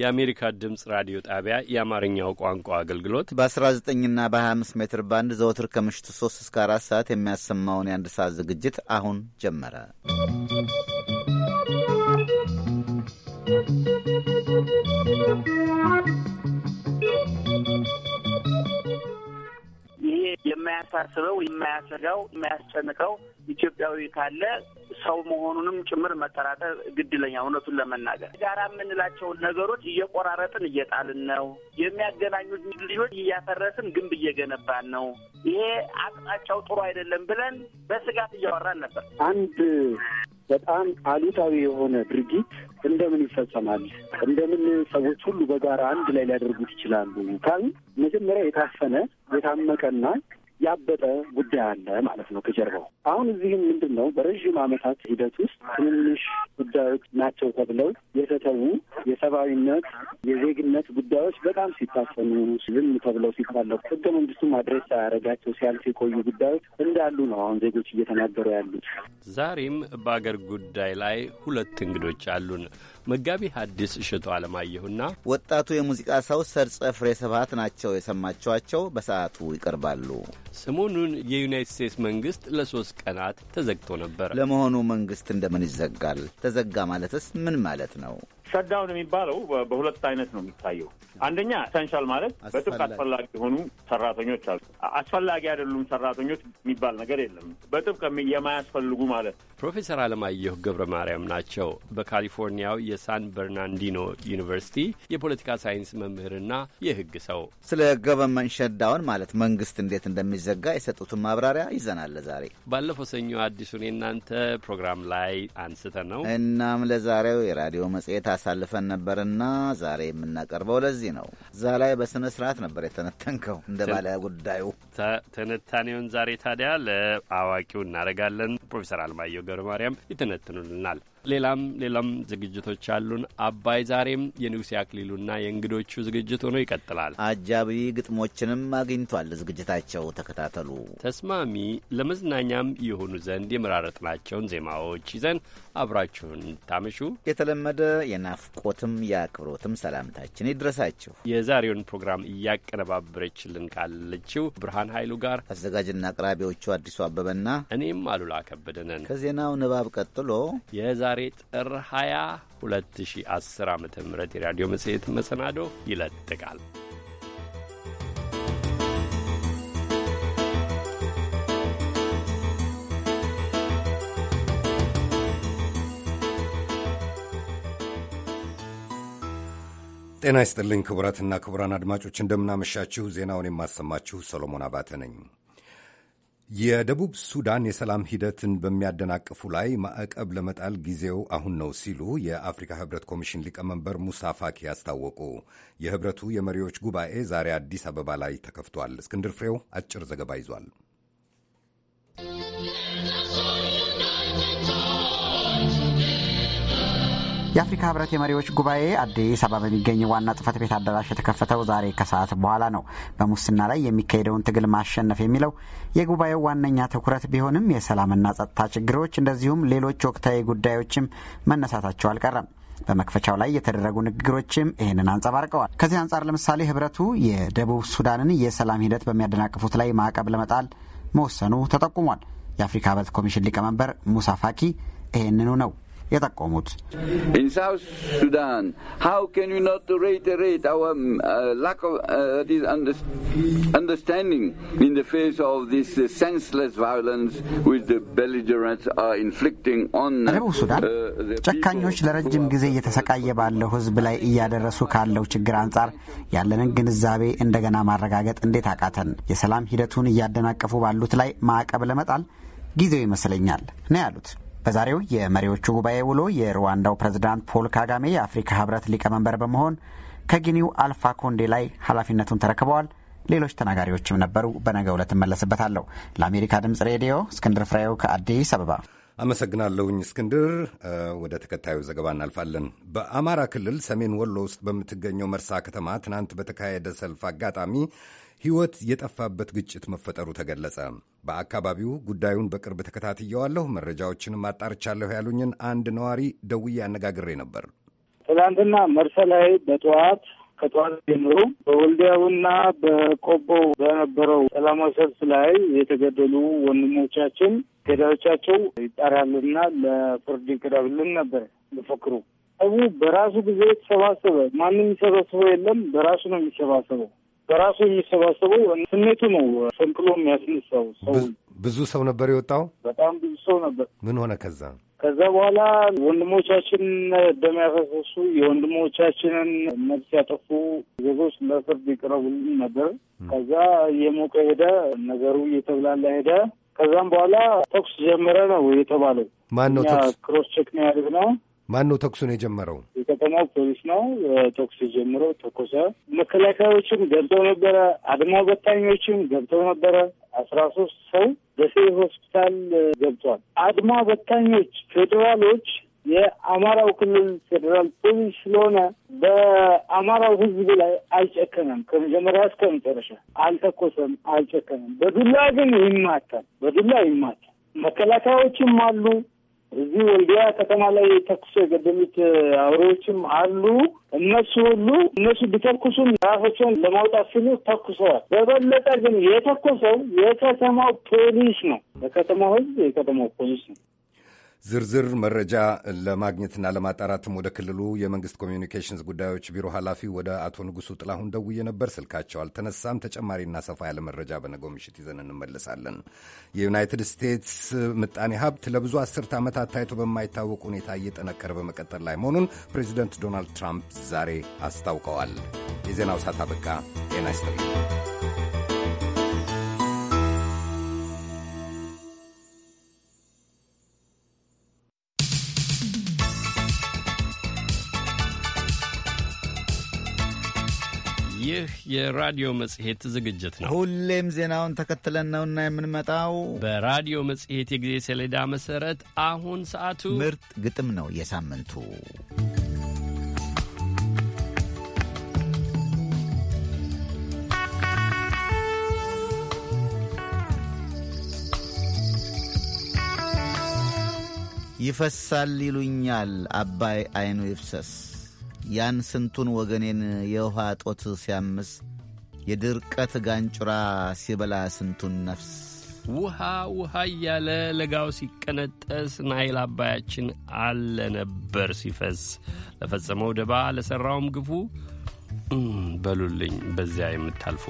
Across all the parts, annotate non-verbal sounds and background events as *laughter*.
የአሜሪካ ድምፅ ራዲዮ ጣቢያ የአማርኛው ቋንቋ አገልግሎት በ19ና በ25 ሜትር ባንድ ዘወትር ከምሽቱ 3 እስከ 4 ሰዓት የሚያሰማውን የአንድ ሰዓት ዝግጅት አሁን ጀመረ። ይህ የማያሳስበው የማያሰጋው የማያስጨንቀው ኢትዮጵያዊ ካለ ሰው መሆኑንም ጭምር መጠራጠር ግድለኛ እውነቱን ለመናገር ጋራ የምንላቸውን ነገሮች እየቆራረጥን እየጣልን ነው። የሚያገናኙት ልጆች እያፈረስን ግንብ እየገነባን ነው። ይሄ አቅጣጫው ጥሩ አይደለም ብለን በስጋት እያወራን ነበር። አንድ በጣም አሉታዊ የሆነ ድርጊት እንደምን ይፈጸማል? እንደምን ሰዎች ሁሉ በጋራ አንድ ላይ ሊያደርጉት ይችላሉ? ካል መጀመሪያ የታፈነ የታመቀና ያበጠ ጉዳይ አለ ማለት ነው ከጀርባው። አሁን እዚህም ምንድን ነው በረዥም ዓመታት ሂደት ውስጥ ትንንሽ ጉዳዮች ናቸው ተብለው የተተዉ የሰብአዊነት የዜግነት ጉዳዮች በጣም ሲታፈኑ፣ ዝም ተብለው ሲታለፉ፣ ህገ መንግስቱም አድሬስ ሳያደርጋቸው ሲያልፍ የቆዩ ጉዳዮች እንዳሉ ነው አሁን ዜጎች እየተናገሩ ያሉት። ዛሬም በአገር ጉዳይ ላይ ሁለት እንግዶች አሉን። መጋቢ ሐዲስ እሸቱ አለማየሁና ወጣቱ የሙዚቃ ሰው ሰርጸ ፍሬ ስብሐት ናቸው የሰማችኋቸው። በሰዓቱ ይቀርባሉ። ሰሞኑን የዩናይት ስቴትስ መንግስት ለሶስት ቀናት ተዘግቶ ነበር። ለመሆኑ መንግስት እንደምን ይዘጋል? ተዘጋ ማለትስ ምን ማለት ነው? ሸዳውን የሚባለው በሁለት አይነት ነው የሚታየው። አንደኛ ኢሰንሻል ማለት በጥብቅ አስፈላጊ የሆኑ ሰራተኞች አሉ። አስፈላጊ አይደሉም ሰራተኞች የሚባል ነገር የለም። በጥብቅ የማያስፈልጉ ማለት ነው። ፕሮፌሰር አለማየሁ ገብረ ማርያም ናቸው። በካሊፎርኒያው የሳን በርናንዲኖ ዩኒቨርሲቲ የፖለቲካ ሳይንስ መምህርና የህግ ሰው። ስለ ገቨርንመንት ሸዳውን ማለት መንግስት እንዴት እንደሚዘጋ የሰጡትን ማብራሪያ ይዘናል ዛሬ ባለፈው ሰኞ አዲሱን የእናንተ ፕሮግራም ላይ አንስተ ነው። እናም ለዛሬው የራዲዮ መጽሔት አሳልፈን ነበርና ዛሬ የምናቀርበው ለዚህ ነው። እዛ ላይ በስነ ስርዓት ነበር የተነተንከው እንደ ባለ ጉዳዩ ትንታኔውን ዛሬ ታዲያ ለአዋቂው እናደርጋለን። ፕሮፌሰር አልማየሁ ገብረ ማርያም ይተነትኑልናል። ሌላም ሌላም ዝግጅቶች አሉን። አባይ ዛሬም የንጉሴ አክሊሉና የእንግዶቹ ዝግጅት ሆኖ ይቀጥላል። አጃቢ ግጥሞችንም አግኝቷል ዝግጅታቸው። ተከታተሉ። ተስማሚ ለመዝናኛም የሆኑ ዘንድ የመራረጥናቸውን ዜማዎች ይዘን አብራችሁን ታመሹ። የተለመደ የናፍቆትም የአክብሮትም ሰላምታችን ይድረሳችሁ። የዛሬውን ፕሮግራም እያቀነባበረችልን ካለችው ብርሃን ኃይሉ ጋር አዘጋጅና አቅራቢዎቹ አዲሱ አበበና እኔም አሉላ ከበደ ነን። ከዜናው ንባብ ቀጥሎ የዛ የዛሬ ጥር 20 2010 ዓ ም የራዲዮ መጽሔት መሰናዶ ይለጥቃል። ጤና ይስጥልኝ ክቡራትና ክቡራን አድማጮች እንደምናመሻችሁ። ዜናውን የማሰማችሁ ሰሎሞን አባተ ነኝ። የደቡብ ሱዳን የሰላም ሂደትን በሚያደናቅፉ ላይ ማዕቀብ ለመጣል ጊዜው አሁን ነው ሲሉ የአፍሪካ ህብረት ኮሚሽን ሊቀመንበር ሙሳ ፋኪ አስታወቁ። የህብረቱ የመሪዎች ጉባኤ ዛሬ አዲስ አበባ ላይ ተከፍቷል። እስክንድር ፍሬው አጭር ዘገባ ይዟል። የአፍሪካ ህብረት የመሪዎች ጉባኤ አዲስ አበባ በሚገኘ ዋና ጽህፈት ቤት አዳራሽ የተከፈተው ዛሬ ከሰዓት በኋላ ነው። በሙስና ላይ የሚካሄደውን ትግል ማሸነፍ የሚለው የጉባኤው ዋነኛ ትኩረት ቢሆንም የሰላምና ጸጥታ ችግሮች እንደዚሁም ሌሎች ወቅታዊ ጉዳዮችም መነሳታቸው አልቀረም። በመክፈቻው ላይ የተደረጉ ንግግሮችም ይህንን አንጸባርቀዋል። ከዚህ አንጻር ለምሳሌ ህብረቱ የደቡብ ሱዳንን የሰላም ሂደት በሚያደናቅፉት ላይ ማዕቀብ ለመጣል መወሰኑ ተጠቁሟል። የአፍሪካ ህብረት ኮሚሽን ሊቀመንበር ሙሳ ፋኪ ይህንኑ ነው የጠቆሙት። ደቡብ uh, uh, uh, ሱዳን ጨካኞች ለረጅም ጊዜ እየተሰቃየ ባለው ሕዝብ ላይ እያደረሱ ካለው ችግር አንጻር ያለንን ግንዛቤ እንደገና ማረጋገጥ እንዴት አቃተን? የሰላም ሂደቱን እያደናቀፉ ባሉት ላይ ማዕቀብ ለመጣል ጊዜው ይመስለኛል ነው ያሉት። በዛሬው የመሪዎቹ ጉባኤ ውሎ የሩዋንዳው ፕሬዝዳንት ፖል ካጋሜ የአፍሪካ ህብረት ሊቀመንበር በመሆን ከጊኒው አልፋ ኮንዴ ላይ ኃላፊነቱን ተረክበዋል። ሌሎች ተናጋሪዎችም ነበሩ። በነገ ዕለት እመለስበታለሁ። ለአሜሪካ ድምፅ ሬዲዮ እስክንድር ፍሬው ከአዲስ አበባ አመሰግናለሁኝ። እስክንድር፣ ወደ ተከታዩ ዘገባ እናልፋለን። በአማራ ክልል ሰሜን ወሎ ውስጥ በምትገኘው መርሳ ከተማ ትናንት በተካሄደ ሰልፍ አጋጣሚ ሕይወት የጠፋበት ግጭት መፈጠሩ ተገለጸ። በአካባቢው ጉዳዩን በቅርብ ተከታትየዋለሁ፣ መረጃዎችንም አጣርቻለሁ ያሉኝን አንድ ነዋሪ ደውዬ አነጋግሬ ነበር። ትላንትና መርሰ ላይ በጠዋት ከጠዋት ጀምሮ በወልዲያውና በቆቦ በነበረው ሰላማዊ ሰልፍ ላይ የተገደሉ ወንድሞቻችን ገዳዮቻቸው ይጣራልና ለፍርድ ይቅረብልን ነበር መፈክሩ። ህቡ በራሱ ጊዜ የተሰባሰበ ማንም የሚሰበስበው የለም፣ በራሱ ነው የሚሰባሰበው። በራሱ የሚሰባሰበው ስሜቱ ነው ሸንቅሎ የሚያስነሳው ሰው። ብዙ ሰው ነበር የወጣው፣ በጣም ብዙ ሰው ነበር። ምን ሆነ ከዛ? ከዛ በኋላ ወንድሞቻችን ደም ያፈሰሱ የወንድሞቻችንን ነፍስ ያጠፉ ዜጎች ለፍርድ ይቅረቡልን ነበር። ከዛ እየሞቀ ሄደ፣ ነገሩ እየተብላላ ሄደ። ከዛም በኋላ ተኩስ ጀመረ ነው የተባለው። ማን ነው ተኩስ? ክሮስ ቼክ ነው ያደረግነው ማን ነው ተኩሱን የጀመረው? የከተማው ፖሊስ ነው ተኩስ የጀምረው ተኮሰ። መከላከያዎችም ገብተው ነበረ። አድማ በታኞችም ገብተው ነበረ። አስራ ሶስት ሰው ደሴ ሆስፒታል ገብቷል። አድማ በታኞች ፌዴራሎች የአማራው ክልል ፌዴራል ፖሊስ ስለሆነ በአማራው ሕዝብ ላይ አልጨከነም። ከመጀመሪያ እስከ መጨረሻ አልተኮሰም፣ አልጨከነም። በዱላ ግን ይማታል፣ በዱላ ይማታል። መከላከያዎችም አሉ እዚህ ወልዲያ ከተማ ላይ ተኩሶ የገደሉት አውሬዎችም አሉ። እነሱ ሁሉ እነሱ ቢተኩሱም ራሳቸውን ለማውጣት ሲሉ ተኩሰዋል። በበለጠ ግን የተኮሰው የከተማው ፖሊስ ነው። የከተማው ህዝብ የከተማው ፖሊስ ነው። ዝርዝር መረጃ ለማግኘትና ለማጣራትም ወደ ክልሉ የመንግስት ኮሚኒኬሽንስ ጉዳዮች ቢሮ ኃላፊ ወደ አቶ ንጉሱ ጥላሁን ደውዬ ነበር። ስልካቸው አልተነሳም። ተጨማሪና ሰፋ ያለ መረጃ በነገው ምሽት ይዘን እንመለሳለን። የዩናይትድ ስቴትስ ምጣኔ ሀብት ለብዙ አስርት ዓመታት ታይቶ በማይታወቅ ሁኔታ እየጠነከረ በመቀጠል ላይ መሆኑን ፕሬዚደንት ዶናልድ ትራምፕ ዛሬ አስታውቀዋል። የዜናው ሰዓት አበቃ። ጤና ይስጥልኝ። ይህ የራዲዮ መጽሔት ዝግጅት ነው። ሁሌም ዜናውን ተከትለን ነውና የምንመጣው። በራዲዮ መጽሔት የጊዜ ሰሌዳ መሰረት አሁን ሰዓቱ ምርጥ ግጥም ነው። የሳምንቱ ይፈሳል ይሉኛል አባይ አይኑ ይፍሰስ ያን ስንቱን ወገኔን የውሃ ጦት ሲያምስ የድርቀት ጋንጩራ ሲበላ ስንቱን ነፍስ ውሃ ውሃ እያለ ለጋው ሲቀነጠስ ናይል አባያችን አለ ነበር ሲፈስ ለፈጸመው ደባ ለሠራውም ግፉ በሉልኝ በዚያ የምታልፉ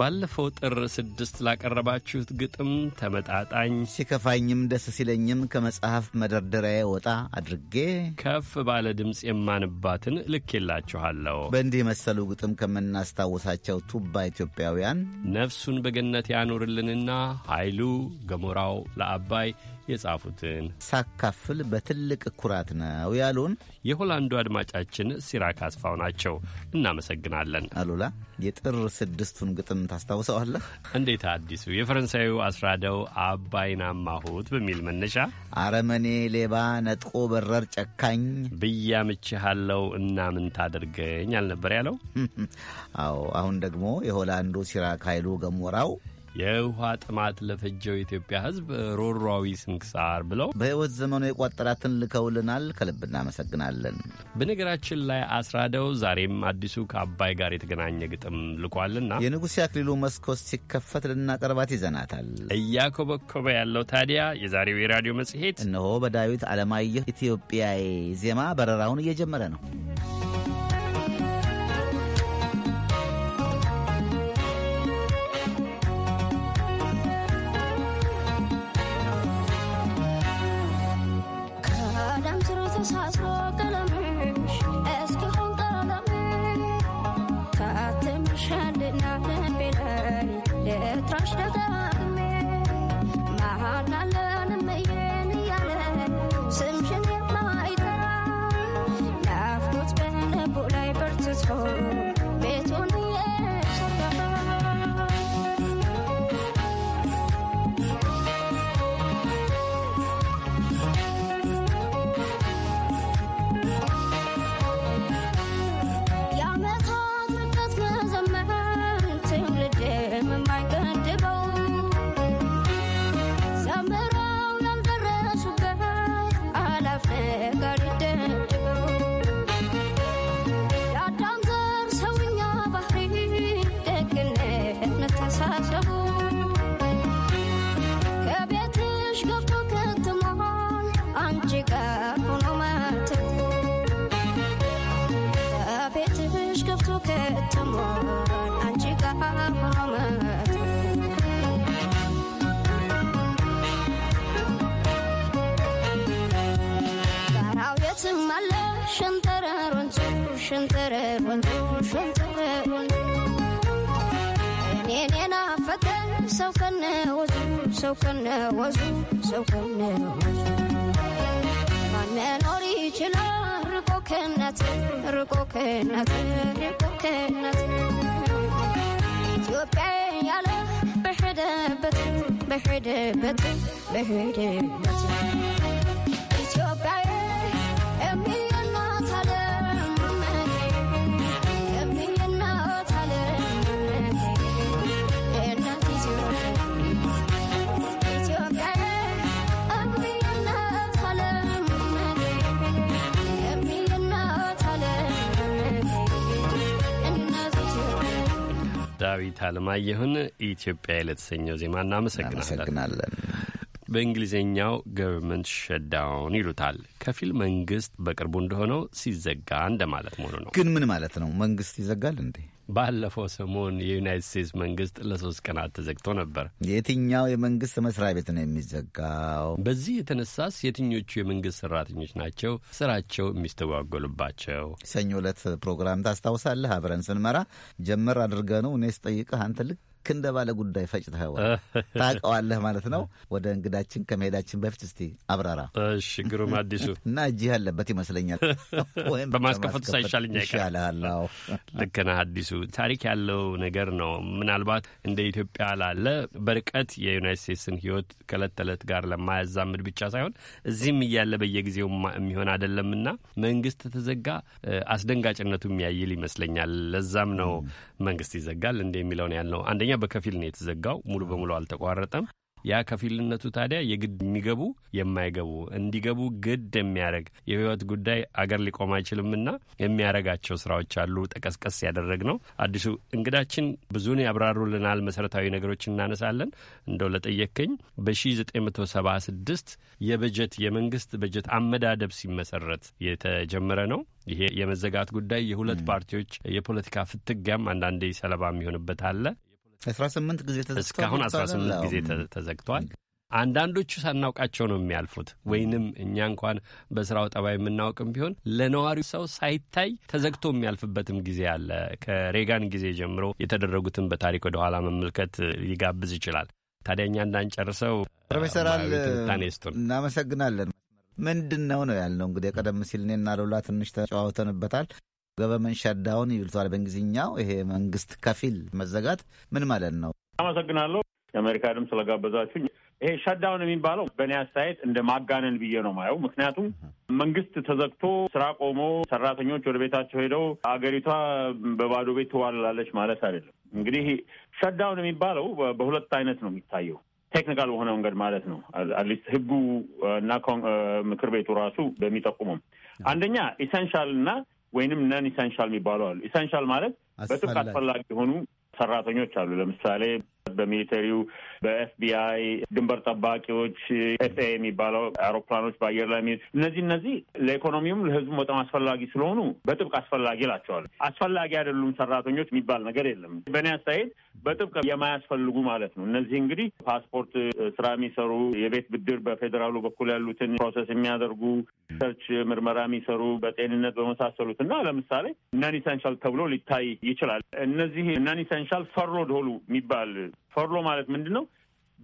ባለፈው ጥር ስድስት ላቀረባችሁት ግጥም ተመጣጣኝ ሲከፋኝም ደስ ሲለኝም ከመጽሐፍ መደርደሪያ ወጣ አድርጌ ከፍ ባለ ድምፅ የማንባትን ልኬላችኋለሁ። በእንዲህ መሰሉ ግጥም ከምናስታውሳቸው ቱባ ኢትዮጵያውያን ነፍሱን በገነት ያኖርልንና ኃይሉ ገሞራው ለአባይ የጻፉትን ሳካፍል በትልቅ ኩራት ነው ያሉን የሆላንዱ አድማጫችን ሲራክ አስፋው ናቸው። እናመሰግናለን። አሉላ የጥር ስድስቱን ግጥም ታስታውሰዋለህ? እንዴት አዲሱ የፈረንሳዩ አስራደው አባይን አማሁት በሚል መነሻ አረመኔ፣ ሌባ፣ ነጥቆ በረር፣ ጨካኝ ብያምችሃለው እና ምን ታደርገኝ አልነበር ያለው? *laughs* አዎ አሁን ደግሞ የሆላንዱ ሲራክ ኃይሉ ገሞራው የውሃ ጥማት ለፈጀው የኢትዮጵያ ሕዝብ ሮሯዊ ስንክሳር ብለው በሕይወት ዘመኑ የቋጠራትን ልከውልናል። ከልብ እናመሰግናለን። በነገራችን ላይ አስራደው ዛሬም አዲሱ ከአባይ ጋር የተገናኘ ግጥም ልኳልና የንጉሴ አክሊሉ መስኮት ሲከፈት ልናቀርባት ይዘናታል። እያኮበኮበ ያለው ታዲያ የዛሬው የራዲዮ መጽሔት እነሆ በዳዊት አለማየሁ ኢትዮጵያዊ ዜማ በረራውን እየጀመረ ነው። I've cosas locas. ሰውከነ ወዙ ሰውከነ ወዙ መኖር ይችላል ርቆ ከእናት ርቆ ከእናት ርቆ ከእናት ኢትዮጵያ ያለ በሄደበት በሄደበት በሄደበት ዳዊት አለማየሁን ኢትዮጵያ ለተሰኘው ዜማ እናመሰግናለን። በእንግሊዝኛው ገቨርንመንት ሸዳውን ይሉታል። ከፊል መንግስት በቅርቡ እንደሆነው ሲዘጋ እንደማለት መሆኑ ነው። ግን ምን ማለት ነው? መንግስት ይዘጋል እንዴ? ባለፈው ሰሞን የዩናይት ስቴትስ መንግስት ለሶስት ቀናት ተዘግቶ ነበር። የትኛው የመንግስት መስሪያ ቤት ነው የሚዘጋው? በዚህ የተነሳስ የትኞቹ የመንግስት ሰራተኞች ናቸው ስራቸው የሚስተጓጎሉባቸው? ሰኞ ዕለት ፕሮግራም ታስታውሳለህ? አብረን ስንመራ ጀመር አድርገ ነው እኔ ስጠይቅህ አንተ ልክ ልክ እንደ ባለ ጉዳይ ፈጭተኸዋል፣ ታውቀዋለህ ማለት ነው። ወደ እንግዳችን ከመሄዳችን በፊት እስቲ አብራራ። እሺ ግሩም አዲሱ እና እጅህ ያለበት ይመስለኛል *laughs* በማስከፈቱ ሳይሻልኛ ይሻልሃል። ልክ ነህ አዲሱ። ታሪክ ያለው ነገር ነው። ምናልባት እንደ ኢትዮጵያ ላለ በርቀት የዩናይት ስቴትስን ህይወት ከእለት ተዕለት ጋር ለማያዛምድ ብቻ ሳይሆን እዚህም እያለ በየጊዜው የሚሆን አይደለምና መንግስት ተዘጋ አስደንጋጭነቱ የሚያይል ይመስለኛል። ለዛም ነው መንግስት ይዘጋል እንደ የሚለውን ያልነው አንደኛ በከፊል ነው የተዘጋው፣ ሙሉ በሙሉ አልተቋረጠም። ያ ከፊልነቱ ታዲያ የግድ የሚገቡ የማይገቡ እንዲገቡ ግድ የሚያደርግ የህይወት ጉዳይ አገር ሊቆም አይችልምና የሚያደርጋቸው ስራዎች አሉ። ጠቀስቀስ ያደረግ ነው። አዲሱ እንግዳችን ብዙን ያብራሩልናል። መሰረታዊ ነገሮች እናነሳለን። እንደው ለጠየከኝ በ1976 የበጀት የመንግስት በጀት አመዳደብ ሲመሰረት የተጀመረ ነው። ይሄ የመዘጋት ጉዳይ የሁለት ፓርቲዎች የፖለቲካ ፍትጊያም አንዳንዴ ሰለባ የሚሆንበት አለ። አስራ ስምንት ጊዜ እስካሁን 18 ጊዜ ተዘግቷል። አንዳንዶቹ ሳናውቃቸው ነው የሚያልፉት፣ ወይንም እኛ እንኳን በስራው ጠባይ የምናውቅም ቢሆን ለነዋሪው ሰው ሳይታይ ተዘግቶ የሚያልፍበትም ጊዜ አለ። ከሬጋን ጊዜ ጀምሮ የተደረጉትን በታሪክ ወደኋላ መመልከት ሊጋብዝ ይችላል። ታዲያ እኛ እንዳንጨርሰው ፕሮፌሰራል ታኔስቱን እናመሰግናለን። ምንድን ነው ነው ያልነው እንግዲህ ቀደም ሲል እኔና ሎላ ትንሽ ተጨዋውተንበታል። ገቨርንመንት ሸዳውን ይሉታል በእንግሊዝኛው። ይሄ መንግስት ከፊል መዘጋት ምን ማለት ነው? አመሰግናለሁ። የአሜሪካ ድምፅ ስለጋበዛችሁ ይሄ ሸዳውን የሚባለው በእኔ አስተያየት እንደ ማጋነን ብዬ ነው ማየው። ምክንያቱም መንግስት ተዘግቶ ስራ ቆሞ ሰራተኞች ወደ ቤታቸው ሄደው አገሪቷ በባዶ ቤት ትዋላለች ማለት አይደለም። እንግዲህ ሸዳውን የሚባለው በሁለት አይነት ነው የሚታየው። ቴክኒካል በሆነ መንገድ ማለት ነው። አትሊስት ህጉ እና ምክር ቤቱ ራሱ በሚጠቁመው አንደኛ ኢሰንሻል እና ወይንም ነን ኢሰንሻል የሚባሉ አሉ። ኢሰንሻል ማለት በጥብቅ አስፈላጊ የሆኑ ሰራተኞች አሉ። ለምሳሌ በሚሊተሪው፣ በኤፍቢአይ፣ ድንበር ጠባቂዎች፣ ኤፍኤ የሚባለው አውሮፕላኖች በአየር ላይ እነዚህ እነዚህ ለኢኮኖሚውም ለህዝቡም በጣም አስፈላጊ ስለሆኑ በጥብቅ አስፈላጊ እላቸዋል። አስፈላጊ አይደሉም ሰራተኞች የሚባል ነገር የለም። በእኔ አስተያየት በጥብቅ የማያስፈልጉ ማለት ነው። እነዚህ እንግዲህ ፓስፖርት ስራ የሚሰሩ የቤት ብድር በፌዴራሉ በኩል ያሉትን ፕሮሰስ የሚያደርጉ ሰርች ምርመራ የሚሰሩ በጤንነት በመሳሰሉት እና ለምሳሌ ነን ኢሰንሻል ተብሎ ሊታይ ይችላል። እነዚህ ነን ኢሰንሻል ፈርሎድ ሆሉ የሚባል ፈርሎ ማለት ምንድን ነው?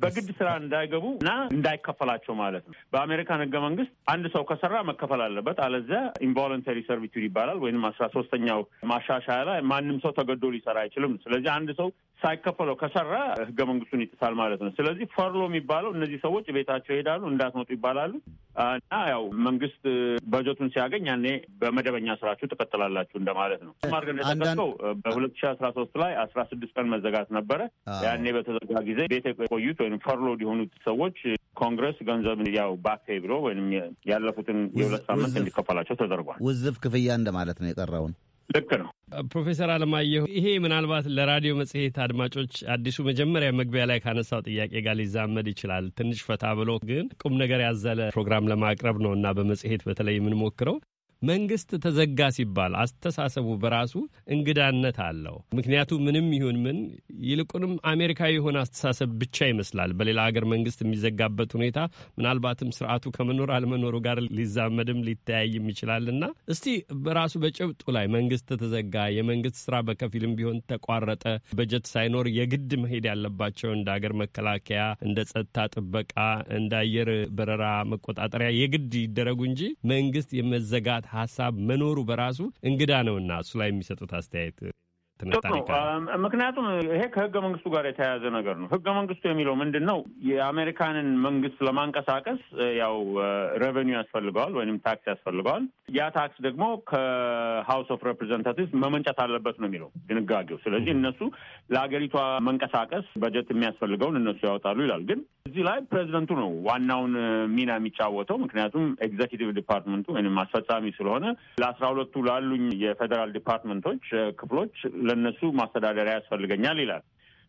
በግድ ስራ እንዳይገቡ እና እንዳይከፈላቸው ማለት ነው። በአሜሪካን ህገ መንግስት አንድ ሰው ከሰራ መከፈል አለበት፣ አለዚያ ኢንቮለንተሪ ሰርቪቱድ ይባላል። ወይም አስራ ሶስተኛው ማሻሻያ ላይ ማንም ሰው ተገዶ ሊሰራ አይችልም። ስለዚህ አንድ ሰው ሳይከፈለው ከሰራ ህገ መንግስቱን ይጥሳል ማለት ነው። ስለዚህ ፈርሎ የሚባለው እነዚህ ሰዎች ቤታቸው ይሄዳሉ፣ እንዳትመጡ ይባላሉ እና ያው መንግስት በጀቱን ሲያገኝ ያኔ በመደበኛ ስራችሁ ትቀጥላላችሁ እንደማለት ነው። ማርገ እንደተቀሰው በሁለት ሺ አስራ ሶስት ላይ አስራ ስድስት ቀን መዘጋት ነበረ። ያኔ በተዘጋ ጊዜ ቤት የቆዩት ወይም ፈርሎ የሆኑት ሰዎች ኮንግረስ ገንዘብ ያው ባክ ብሎ ወይም ያለፉትን የሁለት ሳምንት እንዲከፈላቸው ተደርጓል። ውዝፍ ክፍያ እንደማለት ነው የቀረውን ልክ ነው ፕሮፌሰር አለማየሁ ይሄ ምናልባት ለራዲዮ መጽሔት አድማጮች አዲሱ መጀመሪያ መግቢያ ላይ ካነሳው ጥያቄ ጋር ሊዛመድ ይችላል። ትንሽ ፈታ ብሎ ግን ቁም ነገር ያዘለ ፕሮግራም ለማቅረብ ነው እና በመጽሔት በተለይ የምንሞክረው መንግስት ተዘጋ ሲባል አስተሳሰቡ በራሱ እንግዳነት አለው። ምክንያቱ ምንም ይሁን ምን ይልቁንም አሜሪካዊ የሆነ አስተሳሰብ ብቻ ይመስላል። በሌላ ሀገር መንግስት የሚዘጋበት ሁኔታ ምናልባትም ስርዓቱ ከመኖር አለመኖሩ ጋር ሊዛመድም ሊተያይም ይችላልና እስቲ በራሱ በጭብጡ ላይ መንግስት ተዘጋ፣ የመንግስት ስራ በከፊልም ቢሆን ተቋረጠ፣ በጀት ሳይኖር የግድ መሄድ ያለባቸው እንደ ሀገር መከላከያ፣ እንደ ጸጥታ ጥበቃ፣ እንደ አየር በረራ መቆጣጠሪያ የግድ ይደረጉ እንጂ መንግስት የመዘጋት ሀሳብ መኖሩ በራሱ እንግዳ ነውና እሱ ላይ የሚሰጡት አስተያየት ትንታኔ? ምክንያቱም ይሄ ከህገ መንግስቱ ጋር የተያያዘ ነገር ነው። ህገ መንግስቱ የሚለው ምንድን ነው? የአሜሪካንን መንግስት ለማንቀሳቀስ ያው ሬቨኒ ያስፈልገዋል ወይም ታክስ ያስፈልገዋል። ያ ታክስ ደግሞ ከሀውስ ኦፍ ሬፕሬዘንታቲቭስ መመንጨት አለበት ነው የሚለው ድንጋጌው። ስለዚህ እነሱ ለሀገሪቷ መንቀሳቀስ በጀት የሚያስፈልገውን እነሱ ያወጣሉ ይላል። ግን እዚህ ላይ ፕሬዚደንቱ ነው ዋናውን ሚና የሚጫወተው። ምክንያቱም ኤግዘኪቲቭ ዲፓርትመንቱ ወይም አስፈጻሚ ስለሆነ ለአስራ ሁለቱ ላሉኝ የፌዴራል ዲፓርትመንቶች ክፍሎች ለእነሱ ማስተዳደሪያ ያስፈልገኛል ይላል።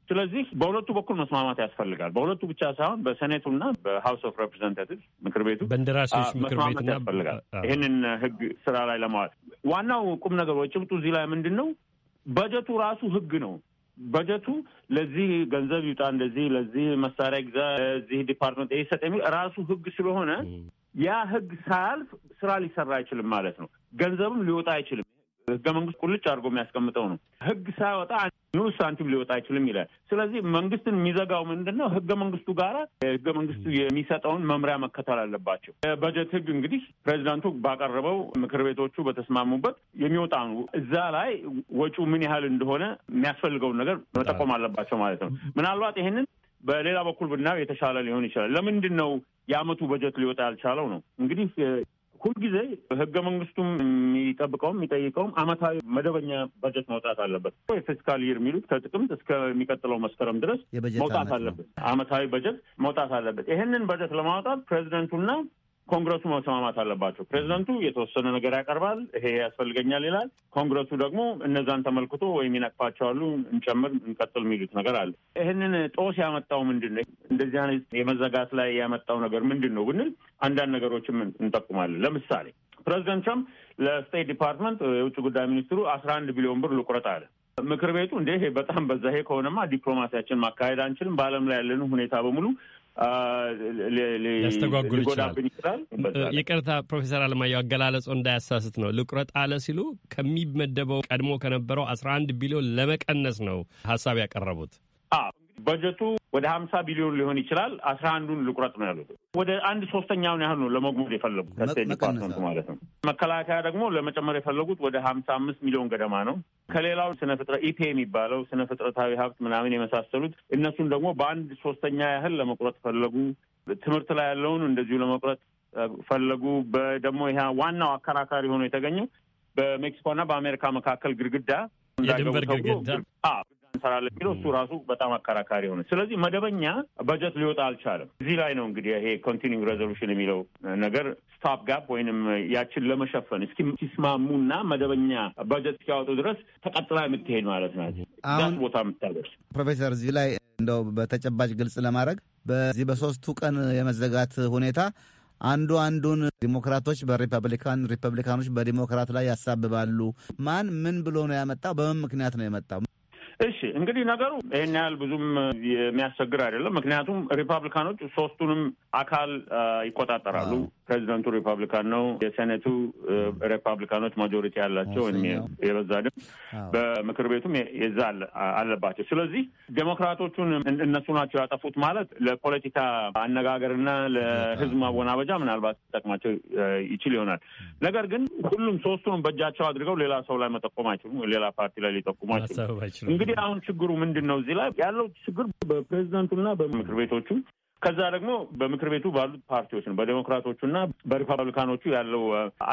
ስለዚህ በሁለቱ በኩል መስማማት ያስፈልጋል። በሁለቱ ብቻ ሳይሆን በሴኔቱና በሀውስ ኦፍ ሬፕሬዘንታቲቭ ምክር ቤቱ በእንደራሴዎች ምክር ቤት ያስፈልጋል ይህንን ህግ ስራ ላይ ለማዋል። ዋናው ቁም ነገር ወይ ጭብጡ እዚህ ላይ ምንድን ነው? በጀቱ ራሱ ህግ ነው። በጀቱ ለዚህ ገንዘብ ይውጣ፣ እንደዚህ ለዚህ መሳሪያ ግዛ፣ ለዚህ ዲፓርትመንት ይሰጥ የሚል ራሱ ህግ ስለሆነ ያ ህግ ሳያልፍ ስራ ሊሰራ አይችልም ማለት ነው። ገንዘብም ሊወጣ አይችልም። ህገ መንግስት ቁልጭ አድርጎ የሚያስቀምጠው ነው። ህግ ሳይወጣ ምንም ሳንቲም ሊወጣ አይችልም ይላል። ስለዚህ መንግስትን የሚዘጋው ምንድን ነው? ህገ መንግስቱ ጋር ህገ መንግስቱ የሚሰጠውን መምሪያ መከተል አለባቸው። በጀት ህግ እንግዲህ ፕሬዚዳንቱ ባቀረበው ምክር ቤቶቹ በተስማሙበት የሚወጣ ነው። እዛ ላይ ወጪው ምን ያህል እንደሆነ የሚያስፈልገውን ነገር መጠቆም አለባቸው ማለት ነው። ምናልባት ይህንን በሌላ በኩል ብናየው የተሻለ ሊሆን ይችላል። ለምንድን ነው የአመቱ በጀት ሊወጣ ያልቻለው ነው እንግዲህ ሁልጊዜ ህገ መንግስቱም የሚጠብቀውም የሚጠይቀውም አመታዊ መደበኛ በጀት መውጣት አለበት። የፊስካል ይር የሚሉት ከጥቅምት እስከሚቀጥለው መስከረም ድረስ መውጣት አለበት። አመታዊ በጀት መውጣት አለበት። ይህንን በጀት ለማውጣት ፕሬዚደንቱና ኮንግረሱ መስማማት አለባቸው። ፕሬዚደንቱ የተወሰነ ነገር ያቀርባል፣ ይሄ ያስፈልገኛል ይላል። ኮንግረሱ ደግሞ እነዛን ተመልክቶ ወይም ይነቅፋቸዋሉ፣ እንጨምር፣ እንቀጥል የሚሉት ነገር አለ። ይህንን ጦስ ያመጣው ምንድን ነው? እንደዚህ አይነት የመዘጋት ላይ ያመጣው ነገር ምንድን ነው ብንል አንዳንድ ነገሮችም እንጠቁማለን። ለምሳሌ ፕሬዚደንት ትራምፕ ለስቴት ዲፓርትመንት የውጭ ጉዳይ ሚኒስትሩ አስራ አንድ ቢሊዮን ብር ልቁረጥ አለ። ምክር ቤቱ እንዴ በጣም በዛ፣ ከሆነማ ዲፕሎማሲያችን ማካሄድ አንችልም፣ በዓለም ላይ ያለን ሁኔታ በሙሉ ሊያስተጓጉል ይችላል። ይቅርታ ፕሮፌሰር አለማየሁ አገላለጾ እንዳያሳስት ነው። ልቁረጥ አለ ሲሉ ከሚመደበው ቀድሞ ከነበረው አስራ አንድ ቢሊዮን ለመቀነስ ነው ሀሳብ ያቀረቡት። በጀቱ ወደ ሀምሳ ቢሊዮን ሊሆን ይችላል። አስራ አንዱን ልቁረጥ ነው ያሉት። ወደ አንድ ሶስተኛውን ያህል ነው ለመጉሙድ የፈለጉት ከስቴት ዲፓርትመንቱ ማለት ነው። መከላከያ ደግሞ ለመጨመር የፈለጉት ወደ ሀምሳ አምስት ሚሊዮን ገደማ ነው። ከሌላው ስነ ፍጥረ ኢፔ የሚባለው ስነ ፍጥረታዊ ሀብት ምናምን የመሳሰሉት እነሱን ደግሞ በአንድ ሶስተኛ ያህል ለመቁረጥ ፈለጉ። ትምህርት ላይ ያለውን እንደዚሁ ለመቁረጥ ፈለጉ። በደግሞ ይሄ ዋናው አከራካሪ ሆኖ የተገኘው በሜክሲኮና በአሜሪካ መካከል ግድግዳ የድንበር ግድግዳ እንሰራለን የሚለው እሱ ራሱ በጣም አከራካሪ ሆነ። ስለዚህ መደበኛ በጀት ሊወጣ አልቻለም። እዚህ ላይ ነው እንግዲህ ይሄ ኮንቲኒንግ ሬዞሉሽን የሚለው ነገር ስታፕ ጋፕ ወይንም ያችን ለመሸፈን እስኪ ሲስማሙና መደበኛ በጀት እስኪያወጡ ድረስ ተቀጥላ የምትሄድ ማለት ናት። ዳት ቦታ የምታደርስ ፕሮፌሰር እዚህ ላይ እንደው በተጨባጭ ግልጽ ለማድረግ በዚህ በሶስቱ ቀን የመዘጋት ሁኔታ አንዱ አንዱን ዲሞክራቶች በሪፐብሊካን ሪፐብሊካኖች በዲሞክራት ላይ ያሳብባሉ። ማን ምን ብሎ ነው ያመጣው? በምን ምክንያት ነው የመጣው? እሺ እንግዲህ ነገሩ ይህን ያህል ብዙም የሚያስቸግር አይደለም። ምክንያቱም ሪፐብሊካኖች ሶስቱንም አካል ይቆጣጠራሉ። ፕሬዚደንቱ ሪፐብሊካን ነው። የሴኔቱ ሪፐብሊካኖች ማጆሪቲ ያላቸው ወይም የበዛ ድምፅ፣ በምክር ቤቱም የዛ አለባቸው። ስለዚህ ዴሞክራቶቹን እነሱ ናቸው ያጠፉት ማለት ለፖለቲካ አነጋገርና ለህዝብ ማወናበጃ ምናልባት ጠቅማቸው ይችል ይሆናል። ነገር ግን ሁሉም ሶስቱንም በእጃቸው አድርገው ሌላ ሰው ላይ መጠቆም አይችሉም። ሌላ ፓርቲ ላይ ሊጠቁሙ አይችሉም። እንግዲህ አሁን ችግሩ ምንድን ነው? እዚህ ላይ ያለው ችግር በፕሬዚደንቱና በምክር ቤቶቹ ከዛ ደግሞ በምክር ቤቱ ባሉት ፓርቲዎች ነው። በዴሞክራቶቹና በሪፐብሊካኖቹ ያለው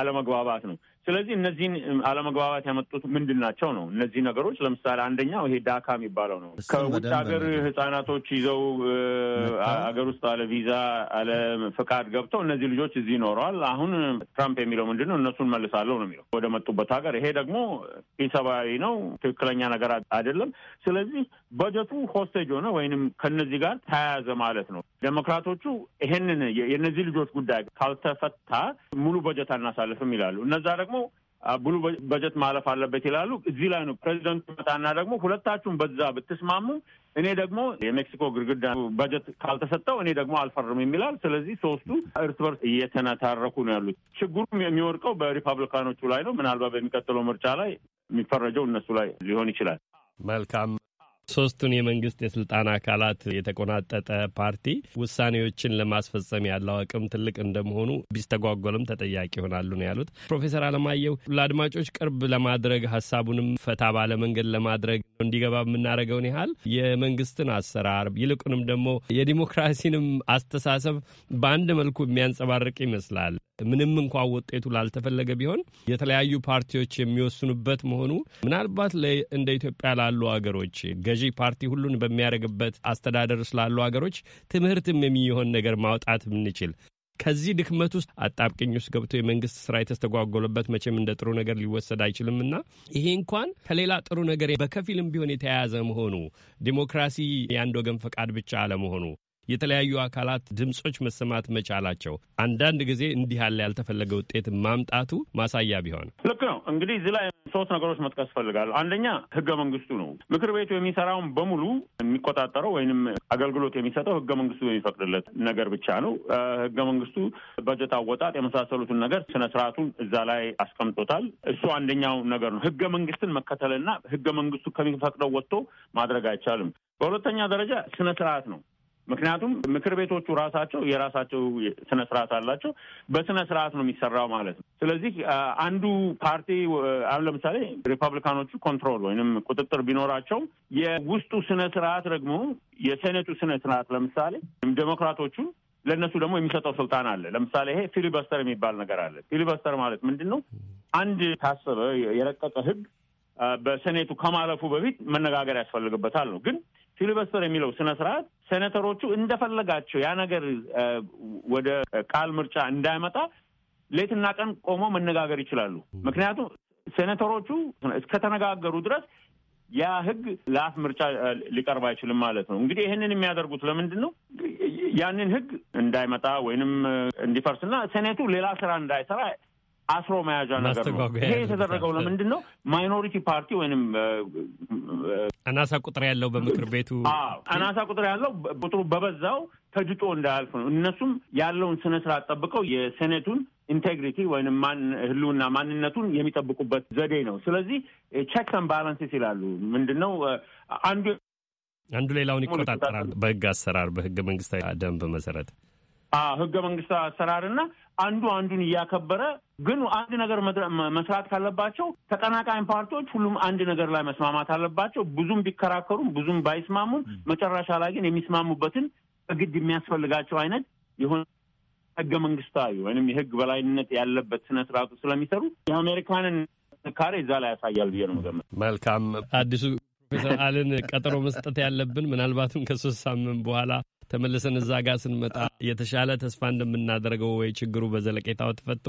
አለመግባባት ነው። ስለዚህ እነዚህን አለመግባባት ያመጡት ምንድን ናቸው ነው እነዚህ ነገሮች። ለምሳሌ አንደኛው ይሄ ዳካ የሚባለው ነው። ከውጭ ሀገር ህጻናቶች ይዘው አገር ውስጥ አለ ቪዛ አለ ፍቃድ ገብተው እነዚህ ልጆች እዚህ ይኖረዋል። አሁን ትራምፕ የሚለው ምንድን ነው እነሱን መልሳለሁ ነው የሚለው ወደ መጡበት ሀገር። ይሄ ደግሞ ኢሰብአዊ ነው፣ ትክክለኛ ነገር አይደለም። ስለዚህ በጀቱ ሆስቴጅ ሆነ ወይንም ከነዚህ ጋር ተያያዘ ማለት ነው። ዴሞክራቶቹ ይሄንን የእነዚህ ልጆች ጉዳይ ካልተፈታ ሙሉ በጀት አናሳልፍም ይላሉ። እነዛ ደግሞ ብሉ በጀት ማለፍ አለበት ይላሉ። እዚህ ላይ ነው ፕሬዚደንቱ መጣና ደግሞ ሁለታችሁም በዛ ብትስማሙ እኔ ደግሞ የሜክሲኮ ግድግዳ በጀት ካልተሰጠው እኔ ደግሞ አልፈርም የሚላል። ስለዚህ ሶስቱ እርስ በርስ እየተነታረኩ ነው ያሉት። ችግሩም የሚወድቀው በሪፐብሊካኖቹ ላይ ነው። ምናልባት በሚቀጥለው ምርጫ ላይ የሚፈረጀው እነሱ ላይ ሊሆን ይችላል። መልካም ሶስቱን የመንግስት የስልጣን አካላት የተቆናጠጠ ፓርቲ ውሳኔዎችን ለማስፈጸም ያለው አቅም ትልቅ እንደመሆኑ ቢስተጓጎልም ተጠያቂ ይሆናሉ ነው ያሉት ፕሮፌሰር አለማየሁ። ለአድማጮች ቅርብ ለማድረግ ሀሳቡንም ፈታ ባለ መንገድ ለማድረግ እንዲገባ የምናደርገውን ያህል የመንግስትን አሰራር ይልቁንም ደግሞ የዲሞክራሲንም አስተሳሰብ በአንድ መልኩ የሚያንጸባርቅ ይመስላል። ምንም እንኳ ውጤቱ ላልተፈለገ ቢሆን የተለያዩ ፓርቲዎች የሚወስኑበት መሆኑ ምናልባት እንደ ኢትዮጵያ ላሉ አገሮች ገዢ ፓርቲ ሁሉን በሚያደርግበት አስተዳደር ስላሉ ሀገሮች ትምህርትም የሚሆን ነገር ማውጣት ምንችል ከዚህ ድክመት ውስጥ አጣብቅኝ ውስጥ ገብቶ የመንግስት ስራ የተስተጓጎለበት መቼም እንደ ጥሩ ነገር ሊወሰድ አይችልምና ይሄ እንኳን ከሌላ ጥሩ ነገር በከፊልም ቢሆን የተያያዘ መሆኑ ዲሞክራሲ የአንድ ወገን ፈቃድ ብቻ አለመሆኑ የተለያዩ አካላት ድምጾች መሰማት መቻላቸው አንዳንድ ጊዜ እንዲህ ያለ ያልተፈለገ ውጤት ማምጣቱ ማሳያ ቢሆን ልክ ነው። እንግዲህ እዚህ ላይ ሶስት ነገሮች መጥቀስ እፈልጋለሁ። አንደኛ ህገ መንግስቱ ነው። ምክር ቤቱ የሚሰራውን በሙሉ የሚቆጣጠረው ወይንም አገልግሎት የሚሰጠው ህገ መንግስቱ የሚፈቅድለት ነገር ብቻ ነው። ህገ መንግስቱ በጀት አወጣጥ የመሳሰሉትን ነገር ስነ ስርዓቱን እዛ ላይ አስቀምጦታል። እሱ አንደኛው ነገር ነው። ህገ መንግስትን መከተልና ህገ መንግስቱ ከሚፈቅደው ወጥቶ ማድረግ አይቻልም። በሁለተኛ ደረጃ ስነ ስርዓት ነው። ምክንያቱም ምክር ቤቶቹ ራሳቸው የራሳቸው ስነ ስርዓት አላቸው። በስነ ስርዓት ነው የሚሰራው ማለት ነው። ስለዚህ አንዱ ፓርቲ አሁን ለምሳሌ ሪፐብሊካኖቹ ኮንትሮል ወይንም ቁጥጥር ቢኖራቸው የውስጡ ስነ ስርዓት ደግሞ የሴኔቱ ስነ ስርዓት ለምሳሌ ዴሞክራቶቹ ለእነሱ ደግሞ የሚሰጠው ስልጣን አለ። ለምሳሌ ይሄ ፊሊበስተር የሚባል ነገር አለ። ፊሊበስተር ማለት ምንድን ነው? አንድ ታሰበ የረቀቀ ህግ በሴኔቱ ከማለፉ በፊት መነጋገር ያስፈልግበታል ነው። ግን ፊሊበስተር የሚለው ስነ ስርዓት ሴኔተሮቹ እንደፈለጋቸው ያ ነገር ወደ ቃል ምርጫ እንዳይመጣ ሌትና ቀን ቆሞ መነጋገር ይችላሉ። ምክንያቱም ሴኔተሮቹ እስከተነጋገሩ ድረስ ያ ህግ ለአፍ ምርጫ ሊቀርብ አይችልም ማለት ነው። እንግዲህ ይህንን የሚያደርጉት ለምንድን ነው? ያንን ህግ እንዳይመጣ ወይንም እንዲፈርስና ሴኔቱ ሌላ ስራ እንዳይሰራ አስሮ መያዣ ነገር ነው። ይሄ የተደረገው ለምንድን ነው? ማይኖሪቲ ፓርቲ ወይንም አናሳ ቁጥር ያለው በምክር ቤቱ አናሳ ቁጥር ያለው ቁጥሩ በበዛው ተድጦ እንዳያልፍ ነው። እነሱም ያለውን ስነ ስርዓት ጠብቀው የሴኔቱን ኢንቴግሪቲ ወይም ማን ህልውና ማንነቱን የሚጠብቁበት ዘዴ ነው። ስለዚህ ቼክስ ኤንድ ባላንስስ ይላሉ። ምንድን ነው አንዱ አንዱ ሌላውን ይቆጣጠራል። በህግ አሰራር በህገ መንግስታዊ ደንብ መሰረት ህገ መንግስታዊ አሰራርና አንዱ አንዱን እያከበረ ግን አንድ ነገር መስራት ካለባቸው ተቀናቃኝ ፓርቲዎች ሁሉም አንድ ነገር ላይ መስማማት አለባቸው። ብዙም ቢከራከሩም ብዙም ባይስማሙም መጨረሻ ላይ ግን የሚስማሙበትን በግድ የሚያስፈልጋቸው አይነት የሆነ ህገ መንግስታዊ ወይም የህግ በላይነት ያለበት ስነ ስርዓቱ ስለሚሰሩ የአሜሪካንን ጥንካሬ እዛ ላይ ያሳያል ብዬ ነው መገመት። መልካም አዲሱ ፕሮፌሰር አልን ቀጠሮ መስጠት ያለብን ምናልባትም ከሶስት ሳምንት በኋላ ተመልሰን እዛ ጋር ስንመጣ የተሻለ ተስፋ እንደምናደርገው ወይ ችግሩ በዘለቄታው ተፈቶ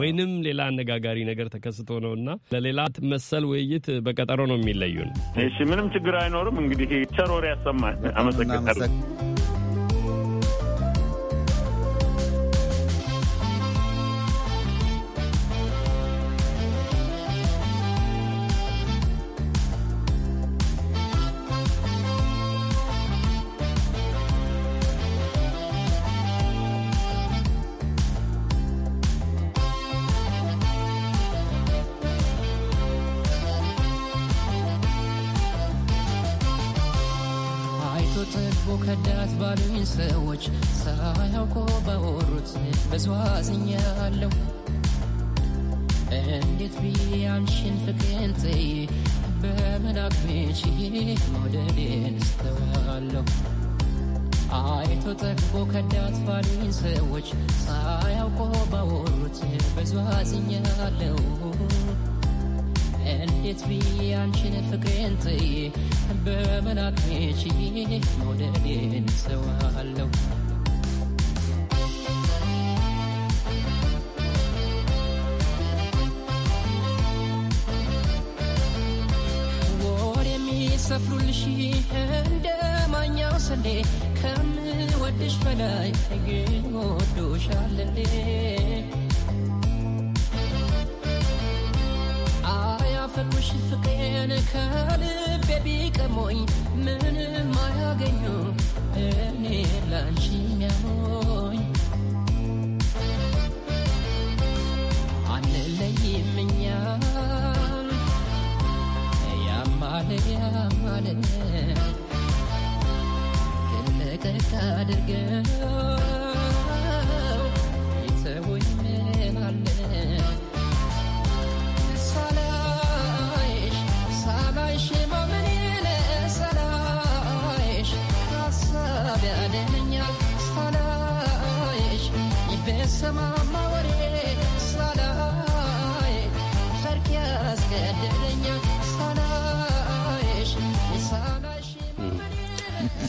ወይንም ሌላ አነጋጋሪ ነገር ተከስቶ ነው እና ለሌላ መሰል ውይይት በቀጠሮ ነው የሚለዩን። እሺ፣ ምንም ችግር አይኖርም። እንግዲህ ቸሮር ያሰማል። አመሰግናለሁ። ከዳት ባሉኝ ሰዎች ሳያውቆ ባወሩት ብዙ አዝኛለሁ። እንዴት ብዬ አንቺን ፍቅርን ጥዬ በመናቅ ችዬ መውደዴን እስተዋለሁ። አይቶ ጠግቦ ከዳት ባሉኝ ሰዎች ሳያውቆ ባወሩት ብዙ አዝኛለሁ። እንዴት ብዬ አንቺን ፍቅሬን ጥዬ በመላክ መውደዴን ሰዋለሁ ወር የሚሰፍሩልሽ እንደ ማኛው ሰሌ ከምወድሽ በላይ ግን ወዶሻል ውሽ ፍቅሬን ከልቤ ቢቀሞኝ ምንም አያገኙ እኔ ላንቺ የሚያሞኝ አንለይም እኛ ያማለ ያማለ ትልቅ አድርገን ሳላይሽ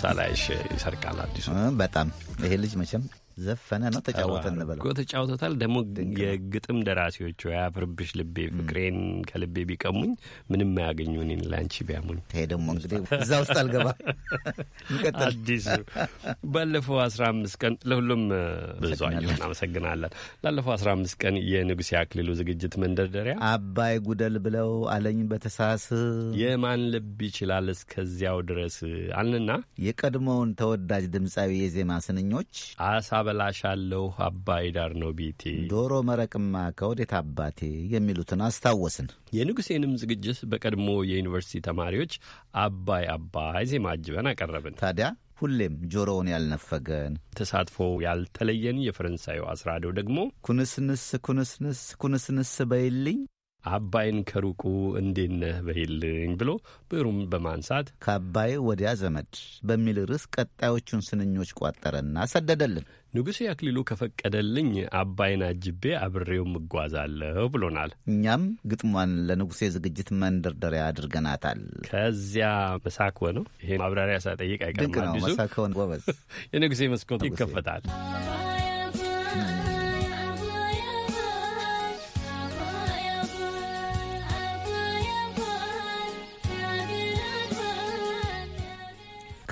ሳላይሽ ይሰርቃል አዲሱ በጣም ይሄ ልጅ መቼም ዘፈነ ነው ተጫወተ እንበለው ተጫወተታል። ደግሞ የግጥም ደራሲዎቹ ያፍርብሽ ልቤ ፍቅሬን ከልቤ ቢቀሙኝ ምንም አያገኙ እኔን ለአንቺ ቢያሙኝ። ይሄ ደግሞ እንግዲህ እዛ ውስጥ አልገባ እንቀጥል። *laughs* አዲሱ *laughs* ባለፈው አስራ አምስት ቀን ለሁሉም ብዙ አየሁን አመሰግናለን። ላለፈው አስራ አምስት ቀን የንጉሥ አክሊሉ ዝግጅት መንደርደሪያ አባይ ጉደል ብለው አለኝ በተሳስ የማን ልብ ይችላል እስከዚያው ድረስ አልንና የቀድሞውን ተወዳጅ ድምፃዊ የዜማ ስንኞች አሳ አበላሻለሁ አባይ ዳር ነው ቤቴ ዶሮ መረቅማ ከወዴት አባቴ የሚሉትን አስታወስን። የንጉሴንም ዝግጅት በቀድሞ የዩኒቨርሲቲ ተማሪዎች አባይ አባይ ዜማ አጅበን አቀረብን። ታዲያ ሁሌም ጆሮውን ያልነፈገን ተሳትፎ ያልተለየን የፈረንሳዩ አስራዶ ደግሞ ኩንስንስ ኩንስንስ ኩንስንስ በይልኝ አባይን ከሩቁ እንዴት ነህ በይልኝ ብሎ ብዕሩም በማንሳት ከአባይ ወዲያ ዘመድ በሚል ርዕስ ቀጣዮቹን ስንኞች ቋጠረና ሰደደልን። ንጉሥ አክሊሉ ከፈቀደልኝ አባይን አጅቤ አብሬው እጓዛለሁ ብሎናል። እኛም ግጥሟን ለንጉሴ ዝግጅት መንደርደሪያ አድርገናታል። ከዚያ መሳክወ ነው ይሄ ማብራሪያ ሳጠይቅ አይቀርም። ነው መሳክወ ጎበዝ። *laughs* የንጉሴ መስኮት ይከፈታል።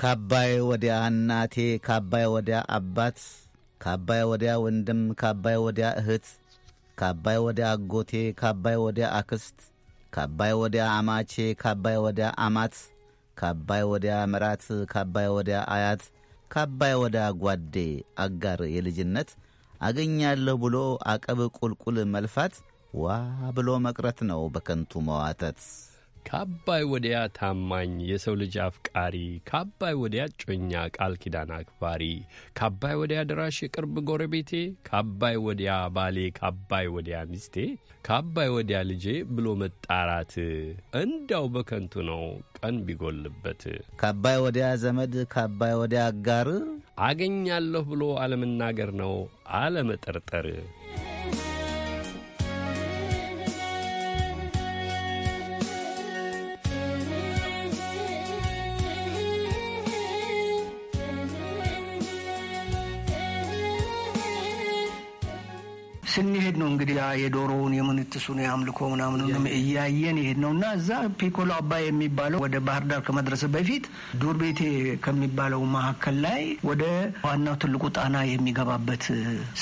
ከአባይ ወዲያ እናቴ፣ ከአባይ ወዲያ አባት ከአባይ ወዲያ ወንድም፣ ከአባይ ወዲያ እህት፣ ከአባይ ወዲያ አጎቴ፣ ከአባይ ወዲያ አክስት፣ ከአባይ ወዲያ አማቼ፣ ከአባይ ወዲያ አማት፣ ከአባይ ወዲያ ምራት፣ ከአባይ ወዲያ አያት፣ ከአባይ ወዲያ ጓዴ፣ አጋር የልጅነት አገኛለሁ ብሎ አቀብ ቁልቁል መልፋት ዋ ብሎ መቅረት ነው በከንቱ መዋተት። ከአባይ ወዲያ ታማኝ የሰው ልጅ አፍቃሪ፣ ከአባይ ወዲያ ጮኛ ቃል ኪዳን አክባሪ፣ ከአባይ ወዲያ ደራሽ የቅርብ ጎረቤቴ፣ ከአባይ ወዲያ ባሌ፣ ከአባይ ወዲያ ሚስቴ፣ ከአባይ ወዲያ ልጄ ብሎ መጣራት እንዳው በከንቱ ነው ቀን ቢጎልበት። ከአባይ ወዲያ ዘመድ፣ ከአባይ ወዲያ አጋር አገኛለሁ ብሎ አለመናገር ነው አለመጠርጠር። ስንሄድ ነው እንግዲህ የዶሮውን የምንጥሱን የአምልኮ ምናምን እያየን ይሄድ ነው እና እዛ ፒኮሎ አባይ የሚባለው ወደ ባህር ዳር ከመድረስ በፊት ዱር ቤቴ ከሚባለው መካከል ላይ ወደ ዋናው ትልቁ ጣና የሚገባበት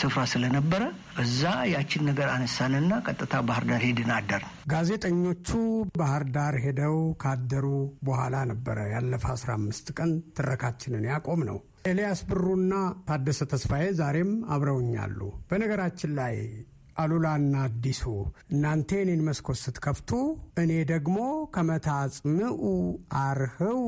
ስፍራ ስለነበረ እዛ ያችን ነገር አነሳንና ቀጥታ ባህር ዳር ሄድን አደር። ጋዜጠኞቹ ባህር ዳር ሄደው ካደሩ በኋላ ነበረ ያለፈ አስራ አምስት ቀን ትረካችንን ያቆም ነው። ኤልያስ ብሩና ታደሰ ተስፋዬ ዛሬም አብረውኛሉ። በነገራችን ላይ አሉላና አዲሱ እናንተ የኔን መስኮት ስትከፍቱ እኔ ደግሞ ከመታጽምኡ አርህው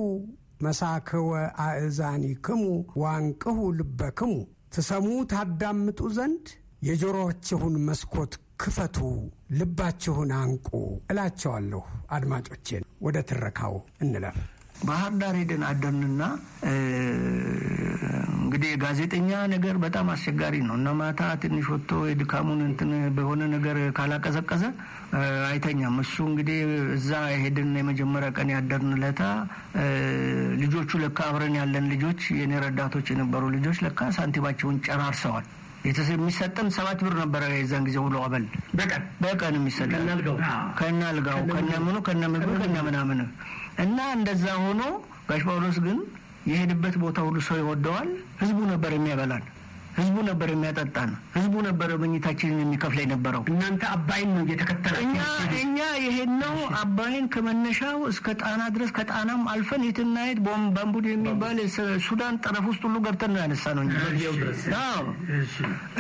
መሳክወ አእዛኒክሙ ዋንቅሁ ልበክሙ ትሰሙ ታዳምጡ ዘንድ የጆሮችሁን መስኮት ክፈቱ ልባችሁን አንቁ እላቸዋለሁ። አድማጮቼን ወደ ትረካው እንለፍ። ባህር ዳር ሄደን አደርንና እንግዲህ የጋዜጠኛ ነገር በጣም አስቸጋሪ ነው እና ማታ ትንሽ ወጥቶ የድካሙን እንትን በሆነ ነገር ካላቀዘቀዘ አይተኛም። እሱ እንግዲህ እዛ ሄድን የመጀመሪያ ቀን ያደርን ለታ ልጆቹ ለካ አብረን ያለን ልጆች የኔ ረዳቶች የነበሩ ልጆች ለካ ሳንቲማቸውን ጨራርሰዋል። የሚሰጠን ሰባት ብር ነበረ። የዛን ጊዜ ውሎ አበል በቀን በቀን የሚሰጠን ከነ አልጋው ከነ ምኑ ከነ ምግብ ከነ ምናምን እና እንደዛ ሆኖ ጋሽ ጳውሎስ ግን የሄድበት ቦታ ሁሉ ሰው ይወደዋል። ህዝቡ ነበር የሚያበላን፣ ህዝቡ ነበር የሚያጠጣን፣ ህዝቡ ነበር መኝታችንን የሚከፍል የነበረው። እናንተ አባይን ነው እየተከተላችሁ እኛ ነው አባይን ከመነሻው እስከ ጣና ድረስ ከጣናም አልፈን የትናየት ባምቡድ የሚባል ሱዳን ጠረፍ ውስጥ ሁሉ ገብተን ነው ያነሳ ነው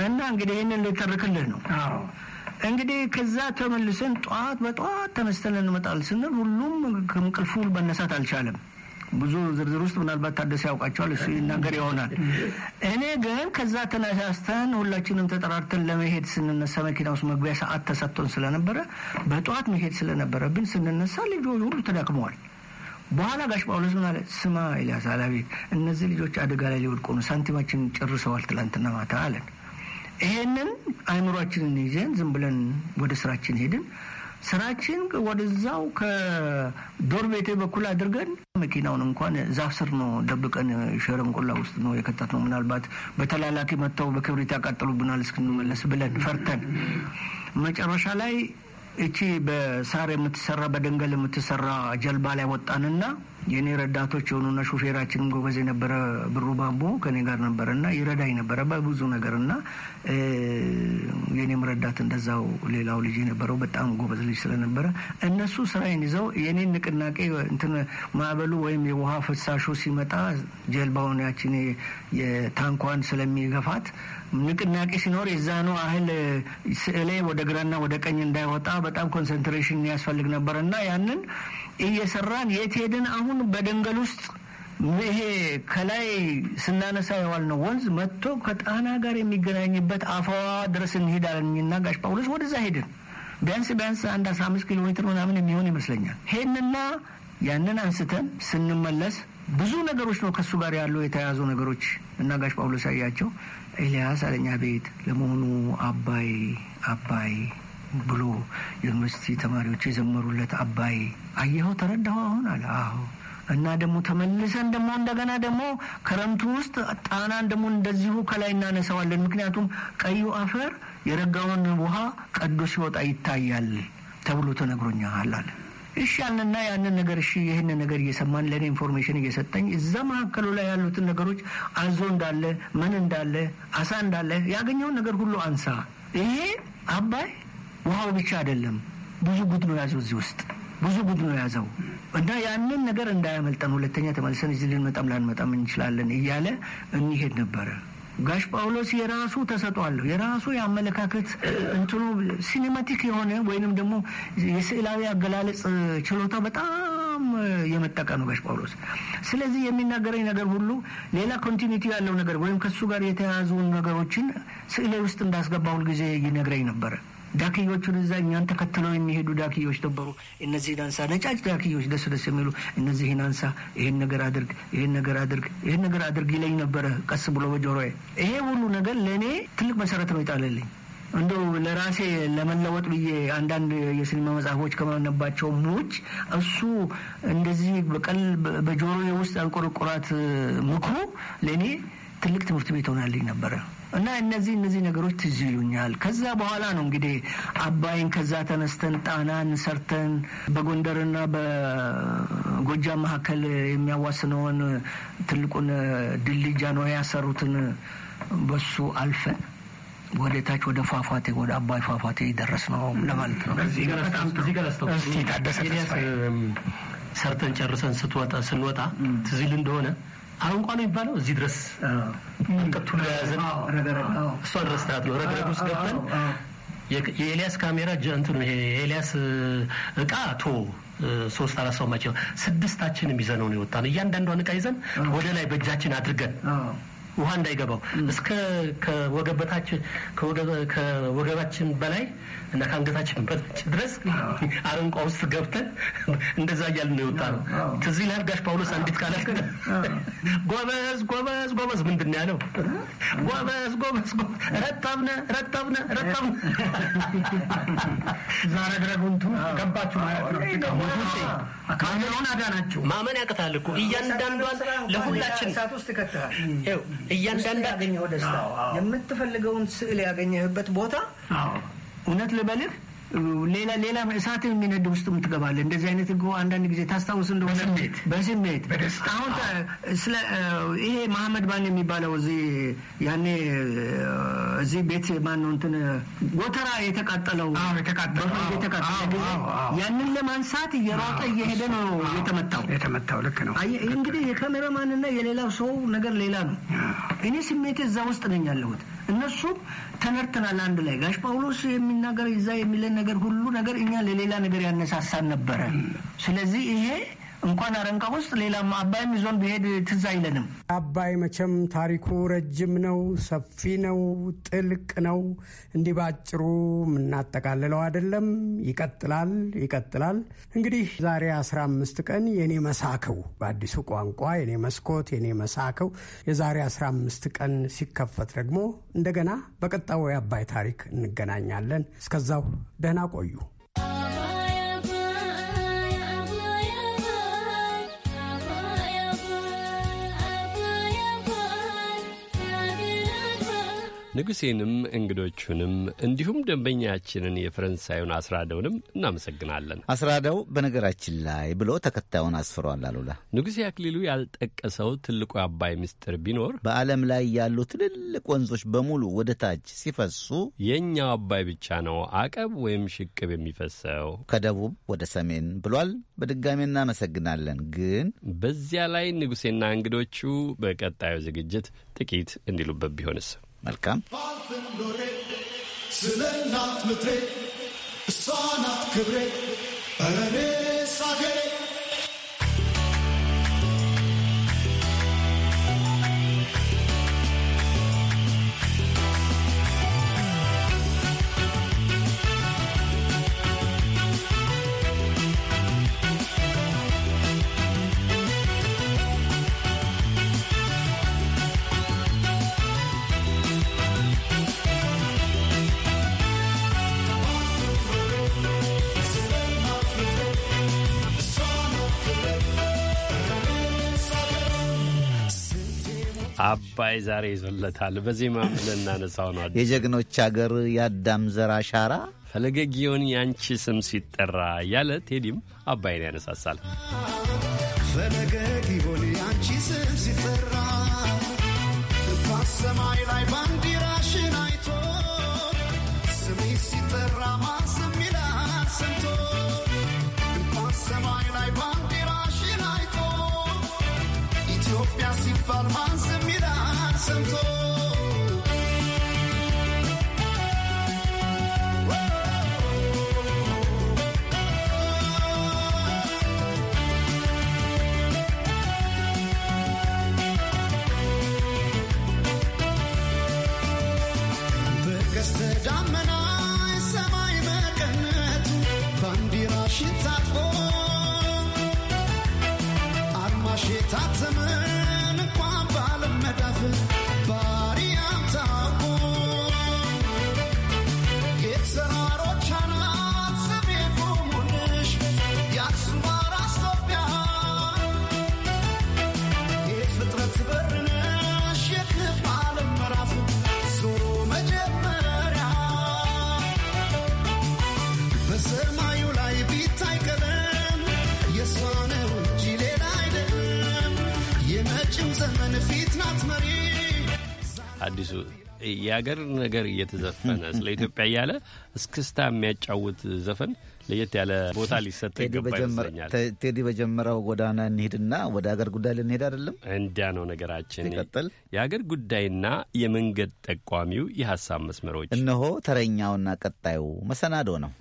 እና እንግዲህ ይህንን ልተርክልህ ነው እንግዲህ ከዛ ተመልሰን ጠዋት በጠዋት ተነስተን እንመጣለን ስንል ሁሉም ከእንቅልፉ መነሳት አልቻለም። ብዙ ዝርዝር ውስጥ ምናልባት ታደሰ ያውቃቸዋል፣ እሱ ይናገር ይሆናል። እኔ ግን ከዛ ተነሳስተን ሁላችንም ተጠራርተን ለመሄድ ስንነሳ መኪና ውስጥ መግቢያ ሰዓት ተሰጥቶን ስለነበረ በጠዋት መሄድ ስለነበረብን ስንነሳ ልጆ ሁሉ ተዳክመዋል። በኋላ ጋሽ ጳውሎስ ምን አለ? ስማ ኤልያስ አላቤት፣ እነዚህ ልጆች አደጋ ላይ ሊወድቁ ነው፣ ሳንቲማችን ጨርሰዋል ትላንትና ማታ አለን። ይሄንን አይምሯችንን ይዘን ዝም ብለን ወደ ስራችን ሄድን። ስራችን ወደዛው ከዶር ቤቴ በኩል አድርገን መኪናውን እንኳን ዛፍ ስር ነው ደብቀን ሸረንቆላ ውስጥ ነው የከተት ነው። ምናልባት በተላላኪ መጥተው በክብሪት ያቃጥሉብናል እስክንመለስ ብለን ፈርተን መጨረሻ ላይ እቺ በሳር የምትሰራ በደንገል የምትሰራ ጀልባ ላይ ወጣንና የእኔ ረዳቶች የሆኑና ሹፌራችንም ጎበዝ የነበረ ብሩ ባንቦ ከኔ ጋር ነበረና ይረዳኝ ነበረ በብዙ ነገር የእኔም ረዳት እንደዛው ሌላው ልጅ የነበረው በጣም ጎበዝ ልጅ ስለነበረ እነሱ ስራይን ይዘው የእኔን ንቅናቄ እንትን ማዕበሉ ወይም የውሃ ፍሳሹ ሲመጣ ጀልባውን ያችን የታንኳን ስለሚገፋት ንቅናቄ ሲኖር የዛኑ አህል ስዕሌ ወደ ግራና ወደ ቀኝ እንዳይወጣ በጣም ኮንሰንትሬሽን ያስፈልግ ነበር እና ያንን እየሰራን የት ሄድን? አሁን በደንገል ውስጥ ይሄ ከላይ ስናነሳ የዋል ነው ወንዝ መጥቶ ከጣና ጋር የሚገናኝበት አፋዋ ድረስ እንሄዳለንና ጋሽ ጳውሎስ ወደዛ ሄድን። ቢያንስ ቢያንስ አንድ አስራ አምስት ኪሎ ሜትር ምናምን የሚሆን ይመስለኛል። ሄድንና ያንን አንስተን ስንመለስ ብዙ ነገሮች ነው ከእሱ ጋር ያሉ የተያዙ ነገሮች እና ጋሽ ጳውሎስ ያያቸው ኤልያስ አለኛ ቤት ለመሆኑ አባይ አባይ ብሎ ዩኒቨርሲቲ ተማሪዎች የዘመሩለት አባይ አየኸው፣ ተረዳሁ አሁን አለ። አዎ። እና ደግሞ ተመልሰን ደግሞ እንደገና ደግሞ ክረምቱ ውስጥ ጣናን ደግሞ እንደዚሁ ከላይ እናነሳዋለን። ምክንያቱም ቀዩ አፈር የረጋውን ውሃ ቀዶ ሲወጣ ይታያል ተብሎ ተነግሮኛል አለ። እሺ ያንና ያንን ነገር እሺ ይህንን ነገር እየሰማን ለእኔ ኢንፎርሜሽን እየሰጠኝ እዛ መካከሉ ላይ ያሉትን ነገሮች አዞ እንዳለ ምን እንዳለ አሳ እንዳለ ያገኘውን ነገር ሁሉ አንሳ። ይሄ አባይ ውሃው ብቻ አይደለም፣ ብዙ ጉድ ነው ያዘው እዚህ ውስጥ ብዙ ጉድ ነው ያዘው እና ያንን ነገር እንዳያመልጠን ሁለተኛ ተመልሰን እዚህ ልንመጣም ላንመጣም እንችላለን እያለ እንሄድ ነበረ። ጋሽ ጳውሎስ የራሱ ተሰጧለሁ የራሱ የአመለካከት እንትኑ ሲኔማቲክ የሆነ ወይንም ደግሞ የስዕላዊ አገላለጽ ችሎታ በጣም የመጠቀ ነው ጋሽ ጳውሎስ። ስለዚህ የሚናገረኝ ነገር ሁሉ ሌላ ኮንቲኒቲ ያለው ነገር ወይም ከሱ ጋር የተያያዙ ነገሮችን ስዕሌ ውስጥ እንዳስገባ ሁልጊዜ ይነግረኝ ነበረ። ዳክዮቹን እዛ እኛን ተከትለው የሚሄዱ ዳክዮች ነበሩ። እነዚህን አንሳ፣ ነጫጭ ዳክዮች ደስ ደስ የሚሉ እነዚህን አንሳ፣ ይህን ነገር አድርግ፣ ይህን ነገር አድርግ፣ ይህን ነገር አድርግ ይለኝ ነበረ ቀስ ብሎ በጆሮዬ። ይሄ ሁሉ ነገር ለእኔ ትልቅ መሰረት ነው ይጣለልኝ እንደው ለራሴ ለመለወጥ ብዬ አንዳንድ የሲኒማ መጽሐፎች ከማነባቸው ውጭ እሱ እንደዚህ በቀል በጆሮዬ ውስጥ አንቆረቆራት ምክሩ ለእኔ ትልቅ ትምህርት ቤት ሆናልኝ ነበረ እና እነዚህ እነዚህ ነገሮች ትዝ ይሉኛል። ከዛ በኋላ ነው እንግዲህ አባይን ከዛ ተነስተን ጣናን ሰርተን በጎንደርና በጎጃም መካከል የሚያዋስነውን ትልቁን ድልድይ ጃንሆይ ያሰሩትን በሱ አልፈን ወደ ታች ወደ ፏፏቴ ወደ አባይ ፏፏቴ ደረስ ነው ለማለት ነው። ሰርተን ጨርሰን ስትወጣ ስንወጣ ትዝ ይል እንደሆነ አረንቋ ነው የሚባለው እዚህ ድረስ አንቀቱ የያዘ እሷ ድረስ ታት ነው ረግረግ ውስጥ ገብተን የኤልያስ ካሜራ እንትኑ ይሄ የኤልያስ እቃ ቶ ሶስት አራት ሰው ማቸው ስድስታችንም ይዘነው ነው የወጣ ነው። እያንዳንዷን እቃ ይዘን ወደ ላይ በእጃችን አድርገን ውሃ እንዳይገባው እስከ ከወገበታችን ከወገባችን በላይ እና ከአንገታችን በታችን ድረስ አረንቋ ውስጥ ገብተን እንደዛ እያልን ነው የወጣ ነው። ትዝ ይልሃል ጋሽ ጳውሎስ አንዲት ቃላት ጎበዝ ጎበዝ ጎበዝ ምንድን ነው ያለው? ጎበዝ ጎበዝ ረጣብነ ረጣብነ ረጣብነ ዛሬ ድረጉንቱ ገባችሁ ማለት ነው። አዳ ናቸው ማመን ያቅታል እኮ እያንዳንዷን ለሁላችን ሳት ውስጥ እያንዳንዳ ደስታ የምትፈልገውን ስዕል ያገኘህበት ቦታ እውነት ልበልህ ሌላ ሌላ እሳት የሚነድ ውስጥ የምትገባለ እንደዚህ አይነት ህግ አንዳንድ ጊዜ ታስታውስ እንደሆነ በስሜት አሁን ስለ ይሄ መሐመድ ባን የሚባለው እዚህ ያኔ እዚህ ቤት ማነው እንትን ጎተራ የተቃጠለው ያንን ለማንሳት እየሮጠ እየሄደ ነው የተመታው የተመታው ልክ ነው እንግዲህ የካሜራማንና የሌላው ሰው ነገር ሌላ ነው እኔ ስሜት እዛ ውስጥ ነኝ ያለሁት እነሱም ተነርተናል አንድ ላይ ጋሽ ጳውሎስ የሚናገር ይዛ የሚለን ነገር ሁሉ ነገር እኛ ለሌላ ነገር ያነሳሳን ነበረ። ስለዚህ ይሄ እንኳን አረንቃ ውስጥ ሌላም አባይም ይዞን ብሄድ ትዝ አይለንም። አባይ መቼም ታሪኩ ረጅም ነው፣ ሰፊ ነው፣ ጥልቅ ነው። እንዲህ በአጭሩ የምናጠቃልለው አይደለም። ይቀጥላል ይቀጥላል። እንግዲህ ዛሬ 15 ቀን የኔ መሳከው በአዲሱ ቋንቋ የኔ መስኮት የኔ መሳከው የዛሬ 15 ቀን ሲከፈት ደግሞ እንደገና በቀጣዩ የአባይ ታሪክ እንገናኛለን። እስከዛው ደህና ቆዩ። ንጉሴንም እንግዶቹንም እንዲሁም ደንበኛችንን የፈረንሳዩን አስራደውንም እናመሰግናለን። አስራደው በነገራችን ላይ ብሎ ተከታዩን አስፍሯል። አሉላ ንጉሴ አክሊሉ ያልጠቀሰው ትልቁ አባይ ምስጢር ቢኖር በዓለም ላይ ያሉ ትልልቅ ወንዞች በሙሉ ወደ ታች ሲፈሱ የእኛው አባይ ብቻ ነው አቀብ ወይም ሽቅብ የሚፈሰው ከደቡብ ወደ ሰሜን ብሏል። በድጋሚ እናመሰግናለን። ግን በዚያ ላይ ንጉሴና እንግዶቹ በቀጣዩ ዝግጅት ጥቂት እንዲሉበት ቢሆንስ መልካም ስለ እናት ምድሬ እሷ ናት ክብሬ እኔ አገሬ አባይ ዛሬ ይዞለታል። በዜማም ልናነሳው ነው። የጀግኖች አገር የአዳም ዘር አሻራ ፈለገ ጊዮን የአንቺ ስም ሲጠራ ያለ ቴዲም አባይን ያነሳሳል። ፈለገ ጊዮን የአንቺ ስም ሲጠራ እንኳን ሰማይ ላይ ባንዲራሽን አይቶ ስሜ ሲጠራ ማዘም ይላል ሰምቶ ሰማይ ላይ ባንዲራሽን አይቶ ኢትዮጵያ ሲባል ማንስ some gold. አዲሱ የአገር ነገር እየተዘፈነ ስለ ኢትዮጵያ እያለ እስክስታ የሚያጫውት ዘፈን ለየት ያለ ቦታ ሊሰጥ ይገባ ቴዲ በጀመረው ጎዳና እንሄድና ወደ አገር ጉዳይ ልንሄድ አይደለም? እንዲያ ነው ነገራችን። ይቀጥል። የአገር ጉዳይና የመንገድ ጠቋሚው የሀሳብ መስመሮች እነሆ ተረኛውና ቀጣዩ መሰናዶ ነው።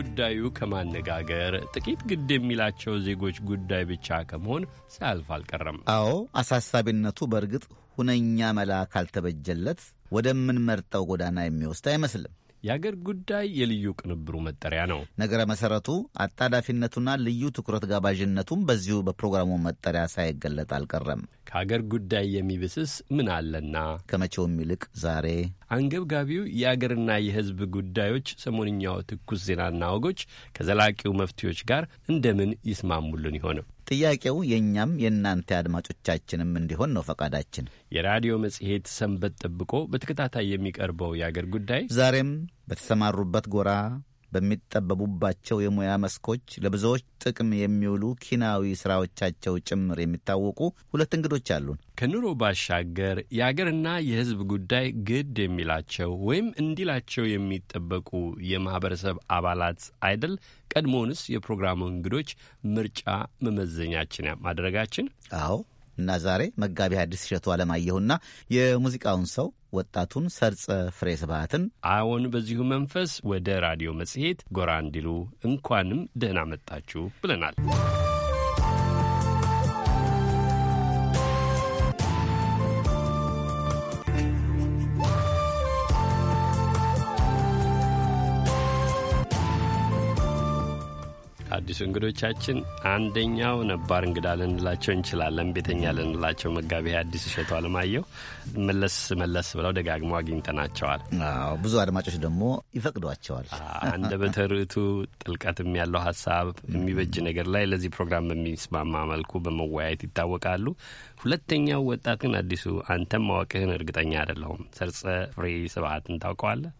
ጉዳዩ ከማነጋገር ጥቂት ግድ የሚላቸው ዜጎች ጉዳይ ብቻ ከመሆን ሳያልፍ አልቀረም። አዎ አሳሳቢነቱ በእርግጥ ሁነኛ መላ ካልተበጀለት ወደምንመርጠው ጎዳና የሚወስድ አይመስልም። የአገር ጉዳይ የልዩ ቅንብሩ መጠሪያ ነው። ነገረ መሰረቱ አጣዳፊነቱና ልዩ ትኩረት ጋባዥነቱም በዚሁ በፕሮግራሙ መጠሪያ ሳይገለጥ አልቀረም። ከአገር ጉዳይ የሚብስስ ምን አለና ከመቼውም ይልቅ ዛሬ አንገብጋቢው የአገርና የሕዝብ ጉዳዮች ሰሞንኛው ትኩስ ዜናና ወጎች ከዘላቂው መፍትሄዎች ጋር እንደምን ይስማሙልን ይሆንም? ጥያቄው የእኛም የእናንተ አድማጮቻችንም እንዲሆን ነው ፈቃዳችን። የራዲዮ መጽሔት ሰንበት ጠብቆ በተከታታይ የሚቀርበው የአገር ጉዳይ ዛሬም በተሰማሩበት ጎራ በሚጠበቡባቸው የሙያ መስኮች ለብዙዎች ጥቅም የሚውሉ ኪናዊ ስራዎቻቸው ጭምር የሚታወቁ ሁለት እንግዶች አሉን። ከኑሮ ባሻገር የአገርና የሕዝብ ጉዳይ ግድ የሚላቸው ወይም እንዲላቸው የሚጠበቁ የማህበረሰብ አባላት አይደል? ቀድሞውንስ የፕሮግራሙ እንግዶች ምርጫ መመዘኛችን ማድረጋችን? አዎ እና ዛሬ መጋቢ አዲስ እሸቱ አለማየሁና የሙዚቃውን ሰው ወጣቱን ሰርጸ ፍሬ ስብሃትን አዎን፣ በዚሁ መንፈስ ወደ ራዲዮ መጽሔት ጎራ እንዲሉ እንኳንም ደህና መጣችሁ ብለናል። አዳዲሱ እንግዶቻችን አንደኛው ነባር እንግዳ ልንላቸው እንችላለን፣ ቤተኛ ልንላቸው መጋቢ አዲስ እሸቱ አለማየሁ መለስ መለስ ብለው ደጋግመው አግኝተናቸዋል። ብዙ አድማጮች ደግሞ ይፈቅዷቸዋል። አንደበተ ርቱዕ ጥልቀትም ያለው ሀሳብ የሚበጅ ነገር ላይ ለዚህ ፕሮግራም በሚስማማ መልኩ በመወያየት ይታወቃሉ። ሁለተኛው ወጣት ግን አዲሱ አንተም ማወቅህን እርግጠኛ አይደለሁም። ሰርጸ ፍሬ ስብሀትን ታውቀዋለህ?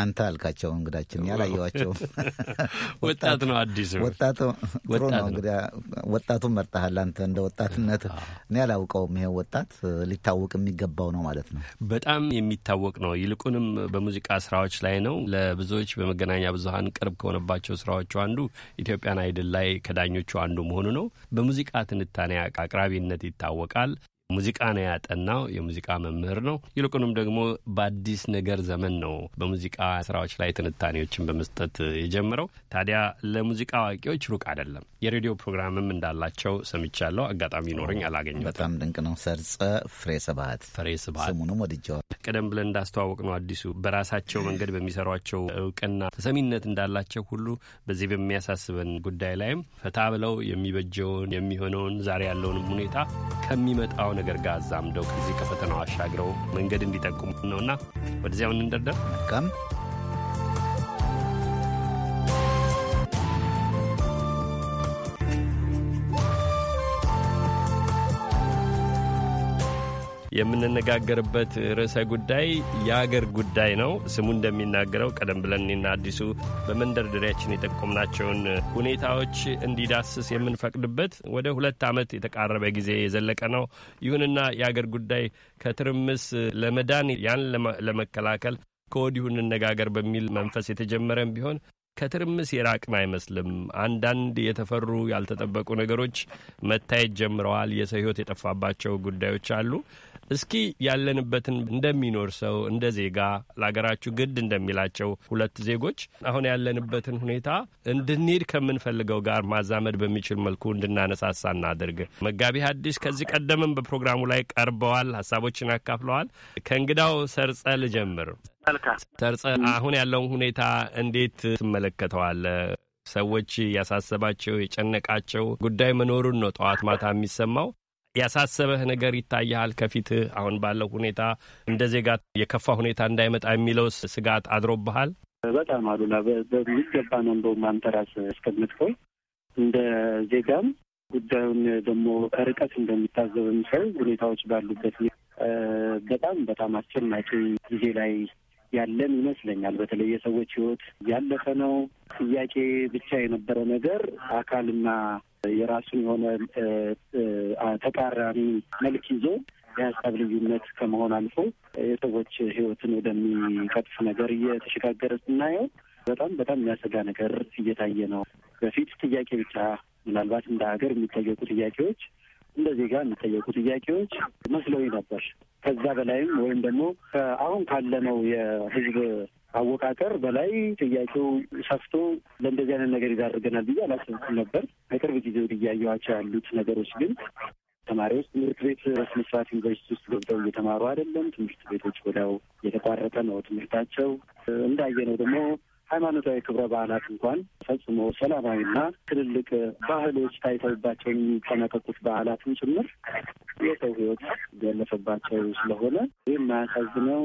አንተ አልካቸው እንግዳችን ያላየዋቸው ወጣት ነው። አዲሱ ወጣት ጥሩ ነው እንግዲህ ወጣቱን መርጠሃል አንተ እንደ ወጣትነት። እኔ አላውቀውም ይሄ ወጣት ሊታወቅ የሚገባው ነው ማለት ነው። በጣም የሚታወቅ ነው። ይልቁንም በሙዚቃ ስራዎች ላይ ነው። ለብዙዎች በመገናኛ ብዙሀን ቅርብ ከሆነባቸው ስራዎቹ አንዱ ኢትዮጵያን አይድል ላይ ከዳኞቹ አንዱ መሆኑ ነው። በሙዚቃ ትንታኔ አቅራቢነት ይታወቃል። ሙዚቃ ነው ያጠናው፣ የሙዚቃ መምህር ነው። ይልቁንም ደግሞ በአዲስ ነገር ዘመን ነው በሙዚቃ ስራዎች ላይ ትንታኔዎችን በመስጠት የጀመረው። ታዲያ ለሙዚቃ አዋቂዎች ሩቅ አይደለም። የሬዲዮ ፕሮግራምም እንዳላቸው ሰምቻለሁ። አጋጣሚ ኖረኝ አላገኘሁትም። በጣም ድንቅ ነው። ሰርጸ ፍሬ ስብሐት ፍሬ ስብሐት ስሙንም ወድጀዋል። ቀደም ብለን እንዳስተዋወቅ ነው አዲሱ በራሳቸው መንገድ በሚሰሯቸው እውቅና ተሰሚነት እንዳላቸው ሁሉ በዚህ በሚያሳስበን ጉዳይ ላይም ፈታ ብለው የሚበጀውን የሚሆነውን ዛሬ ያለውን ሁኔታ ከሚመጣው ነገር ጋር አዛምደው ከዚህ ከፈተናው አሻግረው መንገድ እንዲጠቁሙ ነውና ወደዚያው እንደርደር። መልካም የምንነጋገርበት ርዕሰ ጉዳይ የአገር ጉዳይ ነው። ስሙ እንደሚናገረው ቀደም ብለን እኔና አዲሱ በመንደርደሪያችን የጠቆምናቸውን ሁኔታዎች እንዲዳስስ የምንፈቅድበት ወደ ሁለት ዓመት የተቃረበ ጊዜ የዘለቀ ነው። ይሁንና የአገር ጉዳይ ከትርምስ ለመዳን ያን ለመከላከል ከወዲሁ እንነጋገር በሚል መንፈስ የተጀመረም ቢሆን ከትርምስ የራቅን አይመስልም። አንዳንድ የተፈሩ ያልተጠበቁ ነገሮች መታየት ጀምረዋል። የሰው ሕይወት የጠፋባቸው ጉዳዮች አሉ። እስኪ ያለንበትን እንደሚኖር ሰው እንደ ዜጋ ለሀገራችሁ ግድ እንደሚላቸው ሁለት ዜጎች አሁን ያለንበትን ሁኔታ እንድንሄድ ከምንፈልገው ጋር ማዛመድ በሚችል መልኩ እንድናነሳሳ እናድርግ። መጋቢ ሐዲስ ከዚህ ቀደምም በፕሮግራሙ ላይ ቀርበዋል፣ ሀሳቦችን አካፍለዋል። ከእንግዳው ሰርጸ ልጀምር። ሰርጸ አሁን ያለውን ሁኔታ እንዴት ትመለከተዋለህ? ሰዎች ያሳሰባቸው የጨነቃቸው ጉዳይ መኖሩን ነው ጠዋት ማታ የሚሰማው። ያሳሰበህ ነገር ይታይሃል ከፊትህ አሁን ባለው ሁኔታ እንደ ዜጋ የከፋ ሁኔታ እንዳይመጣ የሚለው ስጋት አድሮብሃል? በጣም አሉላ በሚገባ ነው። እንደው ማንጠራስ እስከምትቆይ እንደ ዜጋም ጉዳዩን ደግሞ ርቀት እንደሚታዘብም ሰው ሁኔታዎች ባሉበት በጣም በጣም አስጨናቂ ጊዜ ላይ ያለም ይመስለኛል። በተለይ የሰዎች ህይወት ያለፈ ነው። ጥያቄ ብቻ የነበረ ነገር አካልና የራሱን የሆነ ተቃራኒ መልክ ይዞ የሀሳብ ልዩነት ከመሆን አልፎ የሰዎች ህይወትን ወደሚቀጥፍ ነገር እየተሸጋገረ ስናየው በጣም በጣም የሚያሰጋ ነገር እየታየ ነው። በፊት ጥያቄ ብቻ ምናልባት እንደ ሀገር የሚጠየቁ ጥያቄዎች እንደዚህ ጋር የሚጠየቁ ጥያቄዎች መስለውኝ ነበር። ከዛ በላይም ወይም ደግሞ አሁን ካለነው የህዝብ አወቃቀር በላይ ጥያቄው ሰፍቶ ለእንደዚህ አይነት ነገር ይዳርገናል ብዬ አላሰብኩም ነበር። በቅርብ ጊዜ እያየኋቸው ያሉት ነገሮች ግን ተማሪዎች ትምህርት ቤት በስነ ዩኒቨርሲቲ ውስጥ ገብተው እየተማሩ አይደለም። ትምህርት ቤቶች ወዲያው የተቋረጠ ነው ትምህርታቸው። እንዳየነው ደግሞ ሃይማኖታዊ ክብረ በዓላት እንኳን ፈጽሞ ሰላማዊና ትልልቅ ባህሎች ታይተውባቸው የሚጠናቀቁት በዓላትም ጭምር የሰው ህይወት ያለፈባቸው ስለሆነ ይህ የማያሳዝነው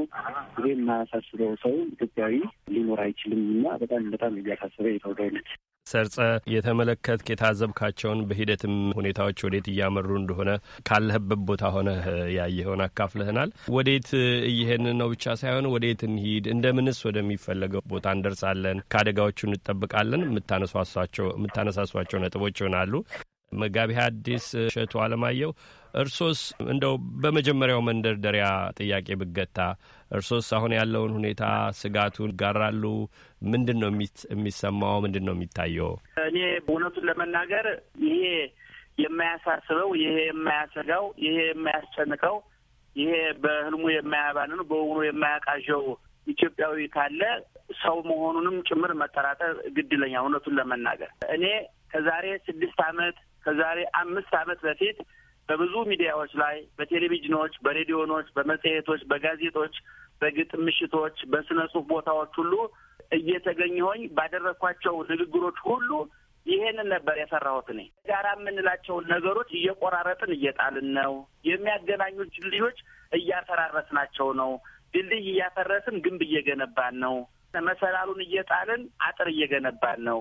ይህ የማያሳስበው ሰው ኢትዮጵያዊ ሊኖር አይችልም እና በጣም በጣም እያሳሰበ የተወደውነት ሰርጸ የተመለከት የታዘብካቸውን በሂደትም ሁኔታዎች ወዴት እያመሩ እንደሆነ ካለህበት ቦታ ሆነህ ያየኸውን አካፍለህናል። ወዴት እየሄድን ነው ብቻ ሳይሆን ወዴት እንሂድ፣ እንደምንስ ወደሚፈለገው ቦታ እንደርሳለን፣ ከአደጋዎቹ እንጠብቃለን የምታነሳሷቸው ነጥቦች ይሆናሉ። መጋቢ ሐዲስ እሸቱ አለማየሁ እርሶስ እንደው በመጀመሪያው መንደርደሪያ ጥያቄ ብገታ እርሶስ አሁን ያለውን ሁኔታ ስጋቱን ጋራሉ? ምንድን ነው የሚሰማው? ምንድን ነው የሚታየው? እኔ እውነቱን ለመናገር ይሄ የማያሳስበው ይሄ የማያሰጋው ይሄ የማያስጨንቀው ይሄ በህልሙ የማያባንን በውኑ የማያቃዣው ኢትዮጵያዊ ካለ ሰው መሆኑንም ጭምር መጠራጠር ግድ ይለኛል። እውነቱን ለመናገር እኔ ከዛሬ ስድስት አመት ከዛሬ አምስት አመት በፊት በብዙ ሚዲያዎች ላይ በቴሌቪዥኖች፣ በሬዲዮኖች፣ በመጽሔቶች፣ በጋዜጦች፣ በግጥም ምሽቶች፣ በስነ ጽሁፍ ቦታዎች ሁሉ እየተገኘሁኝ ባደረግኳቸው ንግግሮች ሁሉ ይሄንን ነበር የሰራሁት። እኔ ጋራ የምንላቸውን ነገሮች እየቆራረጥን እየጣልን ነው። የሚያገናኙ ድልድዮች እያፈራረስናቸው ነው። ድልድይ እያፈረስን ግንብ እየገነባን ነው። መሰላሉን እየጣልን አጥር እየገነባን ነው።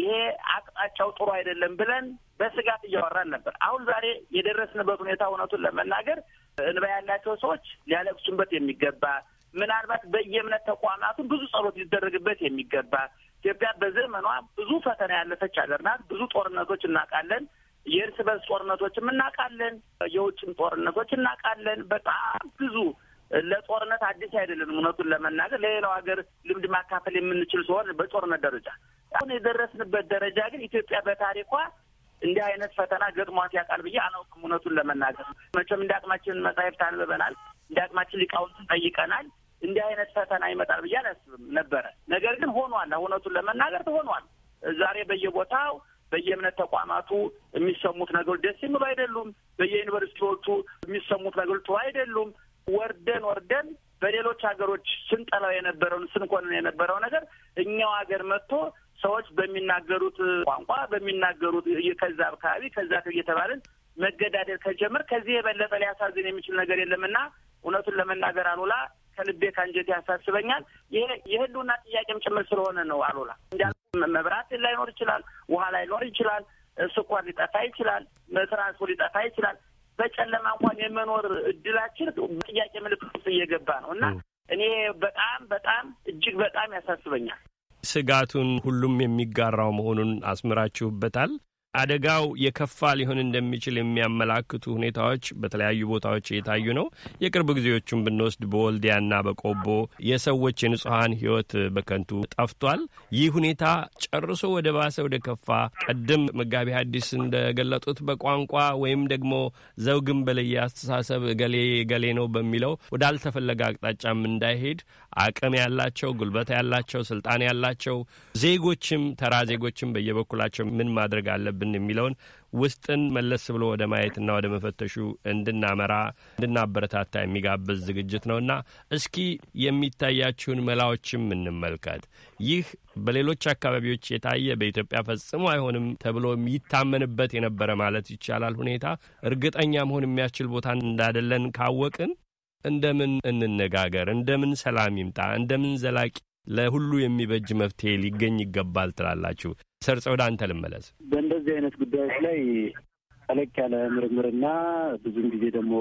ይሄ አቅጣጫው ጥሩ አይደለም ብለን በስጋት እያወራን ነበር። አሁን ዛሬ የደረስንበት ሁኔታ እውነቱን ለመናገር እንባ ያላቸው ሰዎች ሊያለቅሱበት የሚገባ ምናልባት በየእምነት ተቋማቱ ብዙ ጸሎት ሊደረግበት የሚገባ ኢትዮጵያ በዘመኗ ብዙ ፈተና ያለፈች ሀገር ናት። ብዙ ጦርነቶች እናውቃለን። የእርስ በርስ ጦርነቶችም እናውቃለን። የውጭም ጦርነቶች እናውቃለን። በጣም ብዙ ለጦርነት አዲስ አይደለን። እውነቱን ለመናገር ለሌላው ሀገር ልምድ ማካፈል የምንችል ሲሆን በጦርነት ደረጃ አሁን የደረስንበት ደረጃ ግን ኢትዮጵያ በታሪኳ እንዲህ አይነት ፈተና ገጥሟት ያውቃል ብዬ አላውቅም። እውነቱን ለመናገር መቼም እንደ አቅማችን መጽሐፍት አንብበናል፣ እንደ አቅማችን ሊቃውንትን ጠይቀናል። እንዲህ አይነት ፈተና ይመጣል ብዬ አላስብም ነበረ። ነገር ግን ሆኗል። እውነቱን ለመናገር ሆኗል። ዛሬ በየቦታው በየእምነት ተቋማቱ የሚሰሙት ነገሮች ደስ የሚሉ አይደሉም። በየዩኒቨርሲቲዎቹ የሚሰሙት ነገሮች ጥሩ አይደሉም። ወርደን ወርደን በሌሎች ሀገሮች ስንጠላው የነበረውን ስንኮንን የነበረው ነገር እኛው ሀገር መጥቶ ሰዎች በሚናገሩት ቋንቋ በሚናገሩት ከዛ አካባቢ ከዛ እየተባልን መገዳደል ከጀምር ከዚህ የበለጠ ሊያሳዝን የሚችል ነገር የለምና እውነቱን ለመናገር አሉላ ከልቤ ከአንጀቴ ያሳስበኛል። ይሄ የህልውና ጥያቄም ጭምር ስለሆነ ነው። አሉላ እንዲያ መብራት ላይኖር ይችላል፣ ውሃ ላይኖር ይችላል፣ ስኳር ሊጠፋ ይችላል፣ ትራንስፖርት ሊጠፋ ይችላል። በጨለማ እንኳን የመኖር እድላችን ጥያቄ ምልክት ውስጥ እየገባ ነው እና እኔ በጣም በጣም እጅግ በጣም ያሳስበኛል። ስጋቱን ሁሉም የሚጋራው መሆኑን አስምራችሁበታል። አደጋው የከፋ ሊሆን እንደሚችል የሚያመላክቱ ሁኔታዎች በተለያዩ ቦታዎች እየታዩ ነው። የቅርብ ጊዜዎቹን ብንወስድ በወልዲያና በቆቦ የሰዎች የንጹሐን ሕይወት በከንቱ ጠፍቷል። ይህ ሁኔታ ጨርሶ ወደ ባሰ ወደ ከፋ ቀደም መጋቢ ሐዲስ እንደገለጡት በቋንቋ ወይም ደግሞ ዘውግን በለየ አስተሳሰብ እገሌ ገሌ ነው በሚለው ወዳልተፈለገ አቅጣጫም እንዳይሄድ አቅም ያላቸው ጉልበት ያላቸው ስልጣን ያላቸው ዜጎችም ተራ ዜጎችም በየበኩላቸው ምን ማድረግ አለብን አለብን የሚለውን ውስጥን መለስ ብሎ ወደ ማየትና ወደ መፈተሹ እንድናመራ እንድናበረታታ የሚጋብዝ ዝግጅት ነውና እስኪ የሚታያችሁን መላዎችም እንመልከት። ይህ በሌሎች አካባቢዎች የታየ በኢትዮጵያ ፈጽሞ አይሆንም ተብሎ የሚታመንበት የነበረ ማለት ይቻላል ሁኔታ እርግጠኛ መሆን የሚያስችል ቦታ እንዳደለን ካወቅን እንደምን እንነጋገር? እንደምን ሰላም ይምጣ? እንደምን ዘላቂ ለሁሉ የሚበጅ መፍትሄ ሊገኝ ይገባል ትላላችሁ? ሰርጸ ወደ አንተ ልመለስ። በእንደዚህ አይነት ጉዳዮች ላይ ጠለቅ ያለ ምርምርና ብዙም ጊዜ ደግሞ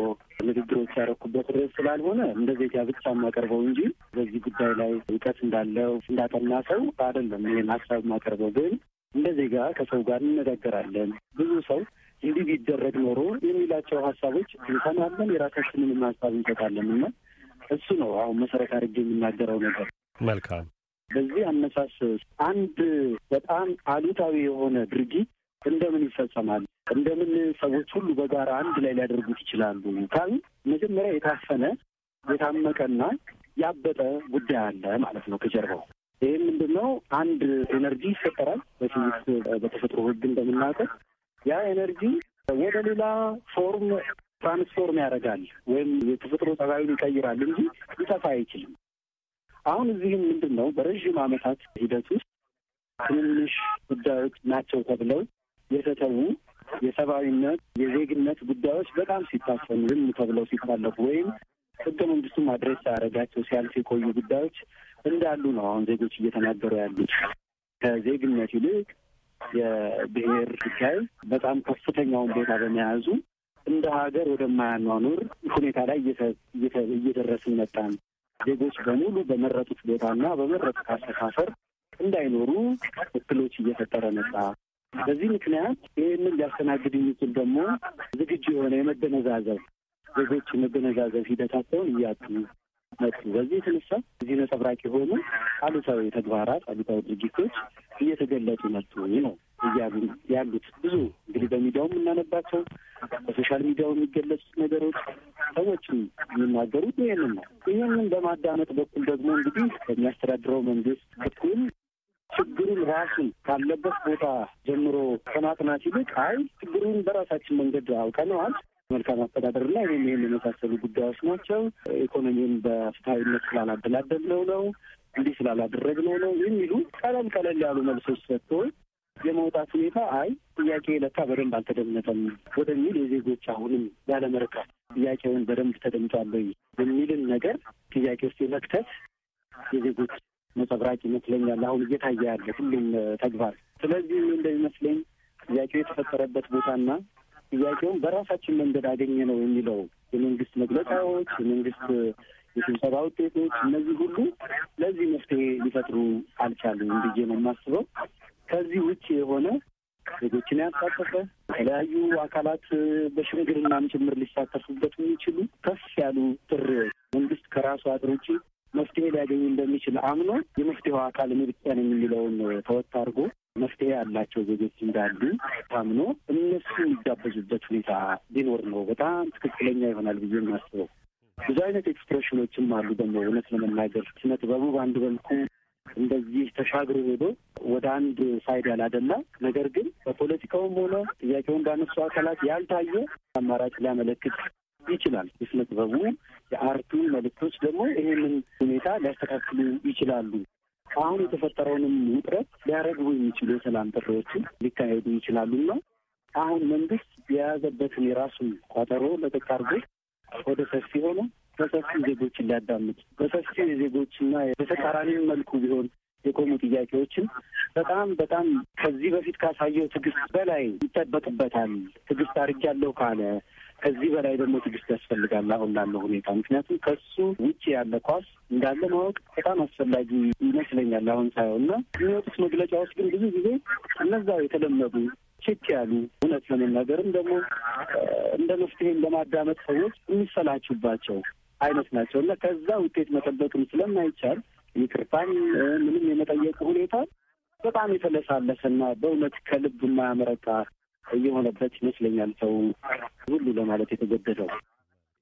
ንግግሮች ያረኩበት ድረስ ስላልሆነ እንደ ዜጋ ብቻ የማቀርበው እንጂ በዚህ ጉዳይ ላይ እውቀት እንዳለው እንዳጠና ሰው አይደለም ይህን ሀሳብ የማቀርበው። ግን እንደ ዜጋ ከሰው ጋር እንነጋገራለን። ብዙ ሰው እንዲህ ቢደረግ ኖሮ የሚላቸው ሀሳቦች እንሰማለን፣ የራሳችንንም ሀሳብ እንሰጣለን እና እሱ ነው አሁን መሰረት አድርጌ የሚናገረው ነገር መልካም። በዚህ አነሳስ አንድ በጣም አሉታዊ የሆነ ድርጊት እንደምን ይፈጸማል? እንደምን ሰዎች ሁሉ በጋራ አንድ ላይ ሊያደርጉት ይችላሉ? ካል መጀመሪያ የታፈነ የታመቀና ያበጠ ጉዳይ አለ ማለት ነው ከጀርባው። ይህ ምንድን ነው? አንድ ኤነርጂ ይፈጠራል። በፊዚክስ በተፈጥሮ ሕግ እንደምናውቀው ያ ኤነርጂ ወደ ሌላ ፎርም ትራንስፎርም ያደርጋል ወይም የተፈጥሮ ጸባዩን ይቀይራል እንጂ ሊጠፋ አይችልም። አሁን እዚህም ምንድን ነው በረዥም ዓመታት ሂደት ውስጥ ትንንሽ ጉዳዮች ናቸው ተብለው የተተዉ የሰብአዊነት የዜግነት ጉዳዮች በጣም ሲታፈኑ ዝም ተብለው ሲታለፉ ወይም ህገ መንግስቱም አድሬስ ያደረጋቸው ሲያልፍ የቆዩ ጉዳዮች እንዳሉ ነው አሁን ዜጎች እየተናገሩ ያሉት። ከዜግነት ይልቅ የብሔር ጉዳይ በጣም ከፍተኛውን ቦታ በመያዙ እንደ ሀገር ወደማያኗኑር ሁኔታ ላይ እየደረስን መጣን። ዜጎች በሙሉ በመረጡት ቦታና በመረጡት አስተሳሰር እንዳይኖሩ እክሎች እየፈጠረ መጣ። በዚህ ምክንያት ይህንን ሊያስተናግድ የሚችል ደግሞ ዝግጁ የሆነ የመገነዛዘብ ዜጎች የመገነዛዘብ ሂደታቸውን እያጡ መጡ። በዚህ የተነሳ እዚህ ነጸብራቅ የሆኑ አሉታዊ ተግባራት፣ አሉታዊ ድርጊቶች እየተገለጡ መጡ ነው። ያሉት ብዙ እንግዲህ በሚዲያው የምናነባቸው በሶሻል ሚዲያው የሚገለጹት ነገሮች ሰዎችም የሚናገሩት ይህንን ነው። ይህንን በማዳመጥ በኩል ደግሞ እንግዲህ በሚያስተዳድረው መንግስት በኩል ችግሩን ራሱን ካለበት ቦታ ጀምሮ ከማጥናት ይልቅ አይ ችግሩን በራሳችን መንገድ አውቀነዋል መልካም አስተዳደር አስተዳደርና ይህም ይህም የመሳሰሉ ጉዳዮች ናቸው። ኢኮኖሚን በፍትሐዊነት ስላላደላደግነው ነው እንዲህ ስላላደረግነው ነው የሚሉ ቀለል ቀለል ያሉ መልሶች ሰጥቶ የመውጣት ሁኔታ አይ ጥያቄ ለካ በደንብ አልተደመጠም ወደሚል የዜጎች አሁንም ያለመረካት ጥያቄውን በደንብ ተደምጧል ወይ የሚልን ነገር ጥያቄ ውስጥ የመክተት የዜጎች መጸብራቅ ይመስለኛል አሁን እየታየ ያለ ሁሉም ተግባር። ስለዚህ እንደሚመስለኝ ጥያቄው የተፈጠረበት ቦታና ጥያቄውን በራሳችን መንገድ አገኘ ነው የሚለው የመንግስት መግለጫዎች፣ የመንግስት የስብሰባ ውጤቶች፣ እነዚህ ሁሉ ለዚህ መፍትሄ ሊፈጥሩ አልቻሉም ብዬ ነው የማስበው። ከዚህ ውጭ የሆነ ዜጎችን ያካተተ የተለያዩ አካላት በሽምግልናም ጭምር ሊሳተፉበት የሚችሉ ከፍ ያሉ ጥሪዎች መንግስት ከራሱ ውጭ መፍትሄ ሊያገኙ እንደሚችል አምኖ የመፍትሄው አካል እኔ ብቻ ነኝ የሚለውን ተወት አድርጎ መፍትሄ ያላቸው ዜጎች እንዳሉ ታምኖ እነሱ የሚጋበዙበት ሁኔታ ቢኖር ነው በጣም ትክክለኛ ይሆናል ብዬ የማስበው። ብዙ አይነት ኤክስፕሬሽኖችም አሉ ደግሞ እውነት ለመናገር ስነ ጥበቡ በአንድ መልኩ እንደዚህ ተሻግሮ ሄዶ ወደ አንድ ሳይድ ያላደላ ነገር ግን በፖለቲካውም ሆነ ጥያቄውን ባነሱ አካላት ያልታየ አማራጭ ሊያመለክት ይችላል። የስነ ጥበቡ የአርቱ መልክቶች ደግሞ ይህንን ሁኔታ ሊያስተካክሉ ይችላሉ። አሁን የተፈጠረውንም ውጥረት ሊያረግቡ የሚችሉ የሰላም ጥሪዎችን ሊካሄዱ ይችላሉና አሁን መንግስት የያዘበትን የራሱን ቋጠሮ ለቀቅ አድርጎ ወደ ሰፊ ሆነ በሰፊው ዜጎችን ሊያዳምጥ በሰፊው የዜጎችና በተቃራኒም መልኩ ቢሆን የቆሙ ጥያቄዎችን በጣም በጣም ከዚህ በፊት ካሳየው ትዕግስት በላይ ይጠበቅበታል። ትዕግስት ያለው ካለ ከዚህ በላይ ደግሞ ትዕግስት ያስፈልጋል አሁን ላለው ሁኔታ። ምክንያቱም ከሱ ውጭ ያለ ኳስ እንዳለ ማወቅ በጣም አስፈላጊ ይመስለኛል አሁን ሳየው እና የሚወጡት መግለጫዎች ግን ብዙ ጊዜ እነዛ የተለመዱ ችክ ያሉ እውነት ለመናገርም ደግሞ እንደ መፍትሄም ለማዳመጥ ሰዎች የሚሰላችሁባቸው አይነት ናቸው እና ከዛ ውጤት መጠበቅም ስለማይቻል ይቅርታን ምንም የመጠየቅ ሁኔታ በጣም የተለሳለሰና በእውነት ከልብ የማያመረታ እየሆነበት ይመስለኛል ሰው ሁሉ ለማለት የተገደደው።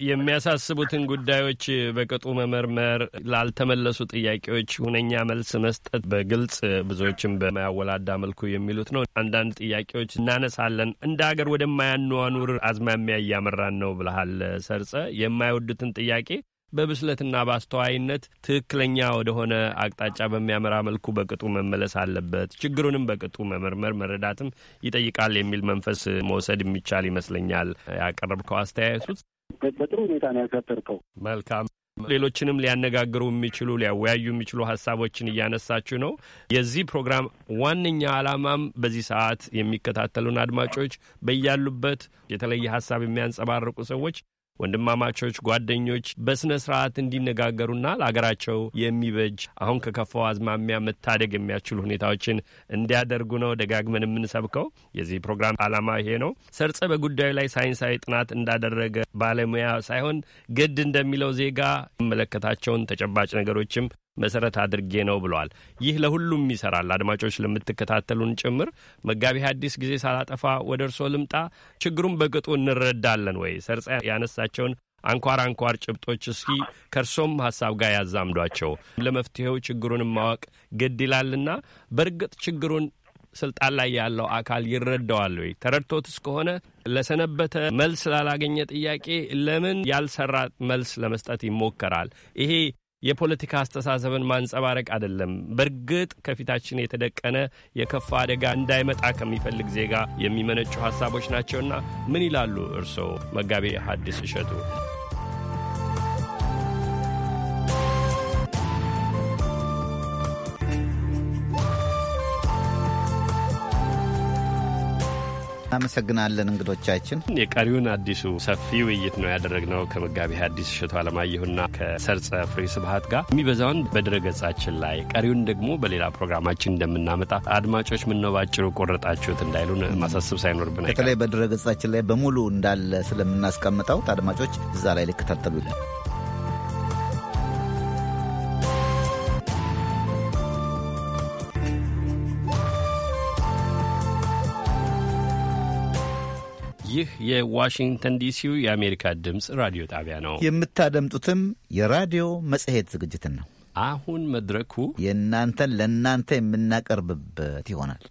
የሚያሳስቡትን ጉዳዮች በቅጡ መመርመር፣ ላልተመለሱ ጥያቄዎች ሁነኛ መልስ መስጠት በግልጽ ብዙዎችን በማያወላዳ መልኩ የሚሉት ነው። አንዳንድ ጥያቄዎች እናነሳለን እንደ ሀገር ወደማያኗኑር አዝማሚያ እያመራን ነው ብለሃል ሰርጸ። የማይወዱትን ጥያቄ በብስለትና በአስተዋይነት ትክክለኛ ወደሆነ አቅጣጫ በሚያመራ መልኩ በቅጡ መመለስ አለበት። ችግሩንም በቅጡ መመርመር መረዳትም ይጠይቃል የሚል መንፈስ መውሰድ የሚቻል ይመስለኛል ያቀረብከው አስተያየት ውስጥ በጥሩ ሁኔታ ነው ያሳጠርከው። መልካም ሌሎችንም ሊያነጋግሩ የሚችሉ ሊያወያዩ የሚችሉ ሀሳቦችን እያነሳችሁ ነው። የዚህ ፕሮግራም ዋነኛ ዓላማም በዚህ ሰዓት የሚከታተሉን አድማጮች በያሉበት የተለየ ሀሳብ የሚያንጸባርቁ ሰዎች ወንድማማቾች፣ ጓደኞች በሥነ ስርዓት እንዲነጋገሩና ለአገራቸው የሚበጅ አሁን ከከፋው አዝማሚያ መታደግ የሚያስችሉ ሁኔታዎችን እንዲያደርጉ ነው ደጋግመን የምንሰብከው። የዚህ ፕሮግራም ዓላማ ይሄ ነው። ሰርጸ በጉዳዩ ላይ ሳይንሳዊ ጥናት እንዳደረገ ባለሙያ ሳይሆን ግድ እንደሚለው ዜጋ መለከታቸውን ተጨባጭ ነገሮችም መሰረት አድርጌ ነው ብሏል። ይህ ለሁሉም ይሰራል። አድማጮች ለምትከታተሉን ጭምር መጋቢ ሐዲስ ጊዜ ሳላጠፋ ወደ እርሶ ልምጣ። ችግሩን በቅጡ እንረዳለን ወይ? ሰርጸ ያነሳቸውን አንኳር አንኳር ጭብጦች እስኪ ከእርሶም ሀሳብ ጋር ያዛምዷቸው። ለመፍትሄው ችግሩን ማወቅ ግድ ይላልና በእርግጥ ችግሩን ስልጣን ላይ ያለው አካል ይረዳዋል ወይ? ተረድቶት እስከሆነ ለሰነበተ መልስ ላላገኘ ጥያቄ ለምን ያልሰራ መልስ ለመስጠት ይሞከራል? ይሄ የፖለቲካ አስተሳሰብን ማንጸባረቅ አይደለም። በእርግጥ ከፊታችን የተደቀነ የከፋ አደጋ እንዳይመጣ ከሚፈልግ ዜጋ የሚመነጩ ሀሳቦች ናቸውና ምን ይላሉ እርስዎ መጋቤ ሐዲስ እሸቱ? አመሰግናለን እንግዶቻችን። የቀሪውን አዲሱ ሰፊ ውይይት ነው ያደረግነው ከመጋቢ አዲስ እሸቱ አለማየሁና ከሰርጸ ፍሬ ስብሀት ጋር የሚበዛውን በድረገጻችን ላይ ቀሪውን ደግሞ በሌላ ፕሮግራማችን እንደምናመጣ አድማጮች ምነው ባጭሩ ቆረጣችሁት እንዳይሉን ማሳሰብ ሳይኖርብን በተለይ በድረገጻችን ላይ በሙሉ እንዳለ ስለምናስቀምጠው አድማጮች እዛ ላይ ሊከታተሉ ይህ የዋሽንግተን ዲሲው የአሜሪካ ድምፅ ራዲዮ ጣቢያ ነው። የምታደምጡትም የራዲዮ መጽሔት ዝግጅትን ነው። አሁን መድረኩ የእናንተን ለእናንተ የምናቀርብበት ይሆናል።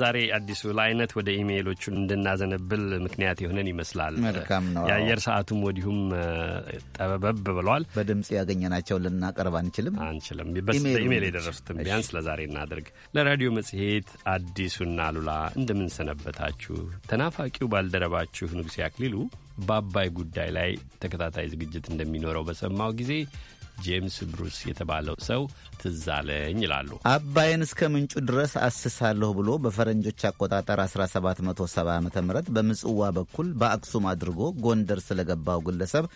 ዛሬ አዲሱ ለአይነት ወደ ኢሜይሎቹ እንድናዘነብል ምክንያት የሆነን ይመስላል። መልካም ነው። የአየር ሰዓቱም ወዲሁም ጠበበብ ብሏል። በድምፅ ያገኘናቸው ልናቀርብ አንችልም አንችልም። በኢሜይል የደረሱትን ቢያንስ ለዛሬ እናድርግ። ለራዲዮ መጽሔት አዲሱና አሉላ እንደምንሰነበታችሁ ተናፋቂው ባልደረባችሁ ንጉሴ አክሊሉ በአባይ ጉዳይ ላይ ተከታታይ ዝግጅት እንደሚኖረው በሰማው ጊዜ ጄምስ ብሩስ የተባለው ሰው ትዛለኝ ይላሉ። አባይን እስከ ምንጩ ድረስ አስሳለሁ ብሎ በፈረንጆች አቆጣጠር 1770 ዓ ም በምጽዋ በኩል በአክሱም አድርጎ ጎንደር ስለገባው ግለሰብ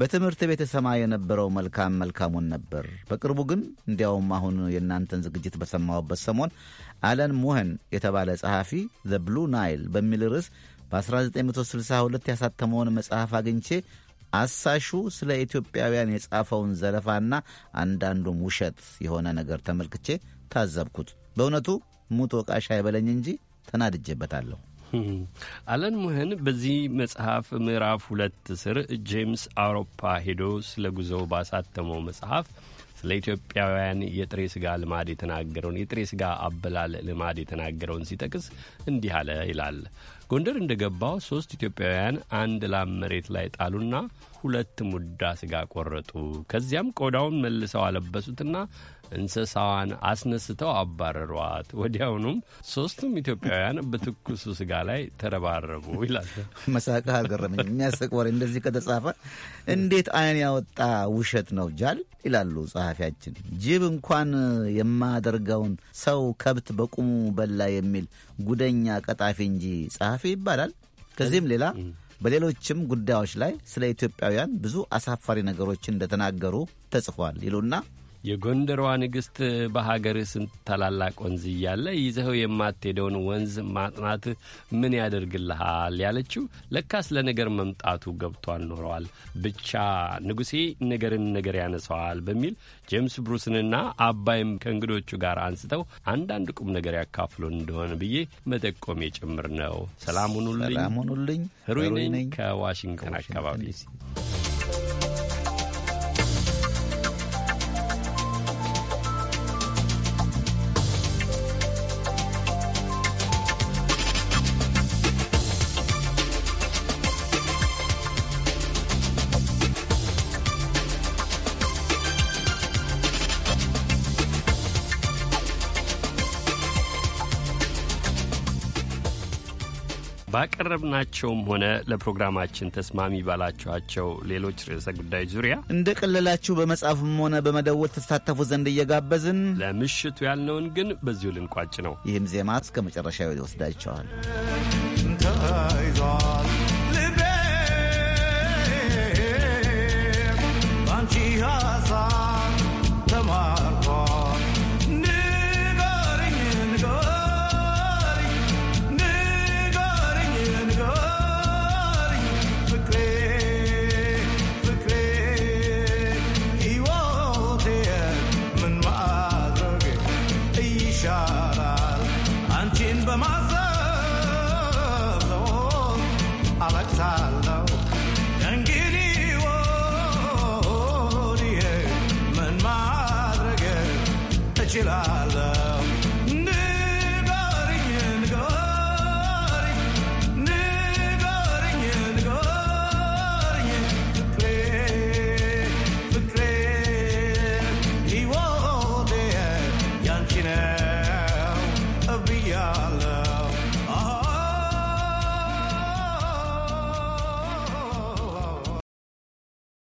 በትምህርት ቤት ሰማ የነበረው መልካም መልካሙን ነበር። በቅርቡ ግን እንዲያውም አሁን የእናንተን ዝግጅት በሰማሁበት ሰሞን አለን ሙህን የተባለ ጸሐፊ ዘ ብሉ ናይል በሚል ርዕስ በ1962 ያሳተመውን መጽሐፍ አግኝቼ አሳሹ ስለ ኢትዮጵያውያን የጻፈውን ዘለፋና አንዳንዱም ውሸት የሆነ ነገር ተመልክቼ ታዘብኩት። በእውነቱ ሙት ወቃሽ አይበለኝ እንጂ ተናድጄበታለሁ። አለን ሙህን በዚህ መጽሐፍ ምዕራፍ ሁለት ስር ጄምስ አውሮፓ ሄዶ ስለ ጉዞው ባሳተመው መጽሐፍ ስለ ኢትዮጵያውያን የጥሬ ስጋ ልማድ የተናገረውን የጥሬ ስጋ አበላል ልማድ የተናገረውን ሲጠቅስ እንዲህ አለ ይላል። ጎንደር እንደገባው ሶስት ኢትዮጵያውያን አንድ ላም መሬት ላይ ጣሉና ሁለት ሙዳ ስጋ ቆረጡ። ከዚያም ቆዳውን መልሰው አለበሱትና እንስሳዋን አስነስተው አባረሯት። ወዲያውኑም ሶስቱም ኢትዮጵያውያን በትኩሱ ስጋ ላይ ተረባረቡ ይላል። መሳቅህ አልገረመኝ። የሚያስቅ ወሬ እንደዚህ ከተጻፈ እንዴት አይን ያወጣ ውሸት ነው ጃል ይላሉ ጸሐፊያችን። ጅብ እንኳን የማያደርገውን ሰው ከብት በቁሙ በላ የሚል ጉደኛ ቀጣፊ እንጂ ጸሐፊ ይባላል። ከዚህም ሌላ በሌሎችም ጉዳዮች ላይ ስለ ኢትዮጵያውያን ብዙ አሳፋሪ ነገሮችን እንደተናገሩ ተጽፏል ይሉና የጎንደሯ ንግሥት በሀገርህ ስንት ታላላቅ ወንዝ እያለ ይዘኸው የማትሄደውን ወንዝ ማጥናት ምን ያደርግልሃል? ያለችው ለካስ ለነገር መምጣቱ ገብቷል ኖረዋል ብቻ ንጉሴ ነገርን ነገር ያነሰዋል በሚል ጄምስ ብሩስንና አባይም ከእንግዶቹ ጋር አንስተው አንዳንድ ቁም ነገር ያካፍሉን እንደሆነ ብዬ መጠቆም ጭምር ነው። ሰላም ሁኑልኝ። ሩይ ነኝ ከዋሽንግተን አካባቢ ባቀረብናቸውም ሆነ ለፕሮግራማችን ተስማሚ ባላችኋቸው ሌሎች ርዕሰ ጉዳዮች ዙሪያ እንደ ቀለላችሁ በመጻፍም ሆነ በመደወል ትሳተፉ ዘንድ እየጋበዝን ለምሽቱ ያልነውን ግን በዚሁ ልንቋጭ ነው። ይህም ዜማ እስከ መጨረሻ ይወስዳቸዋል።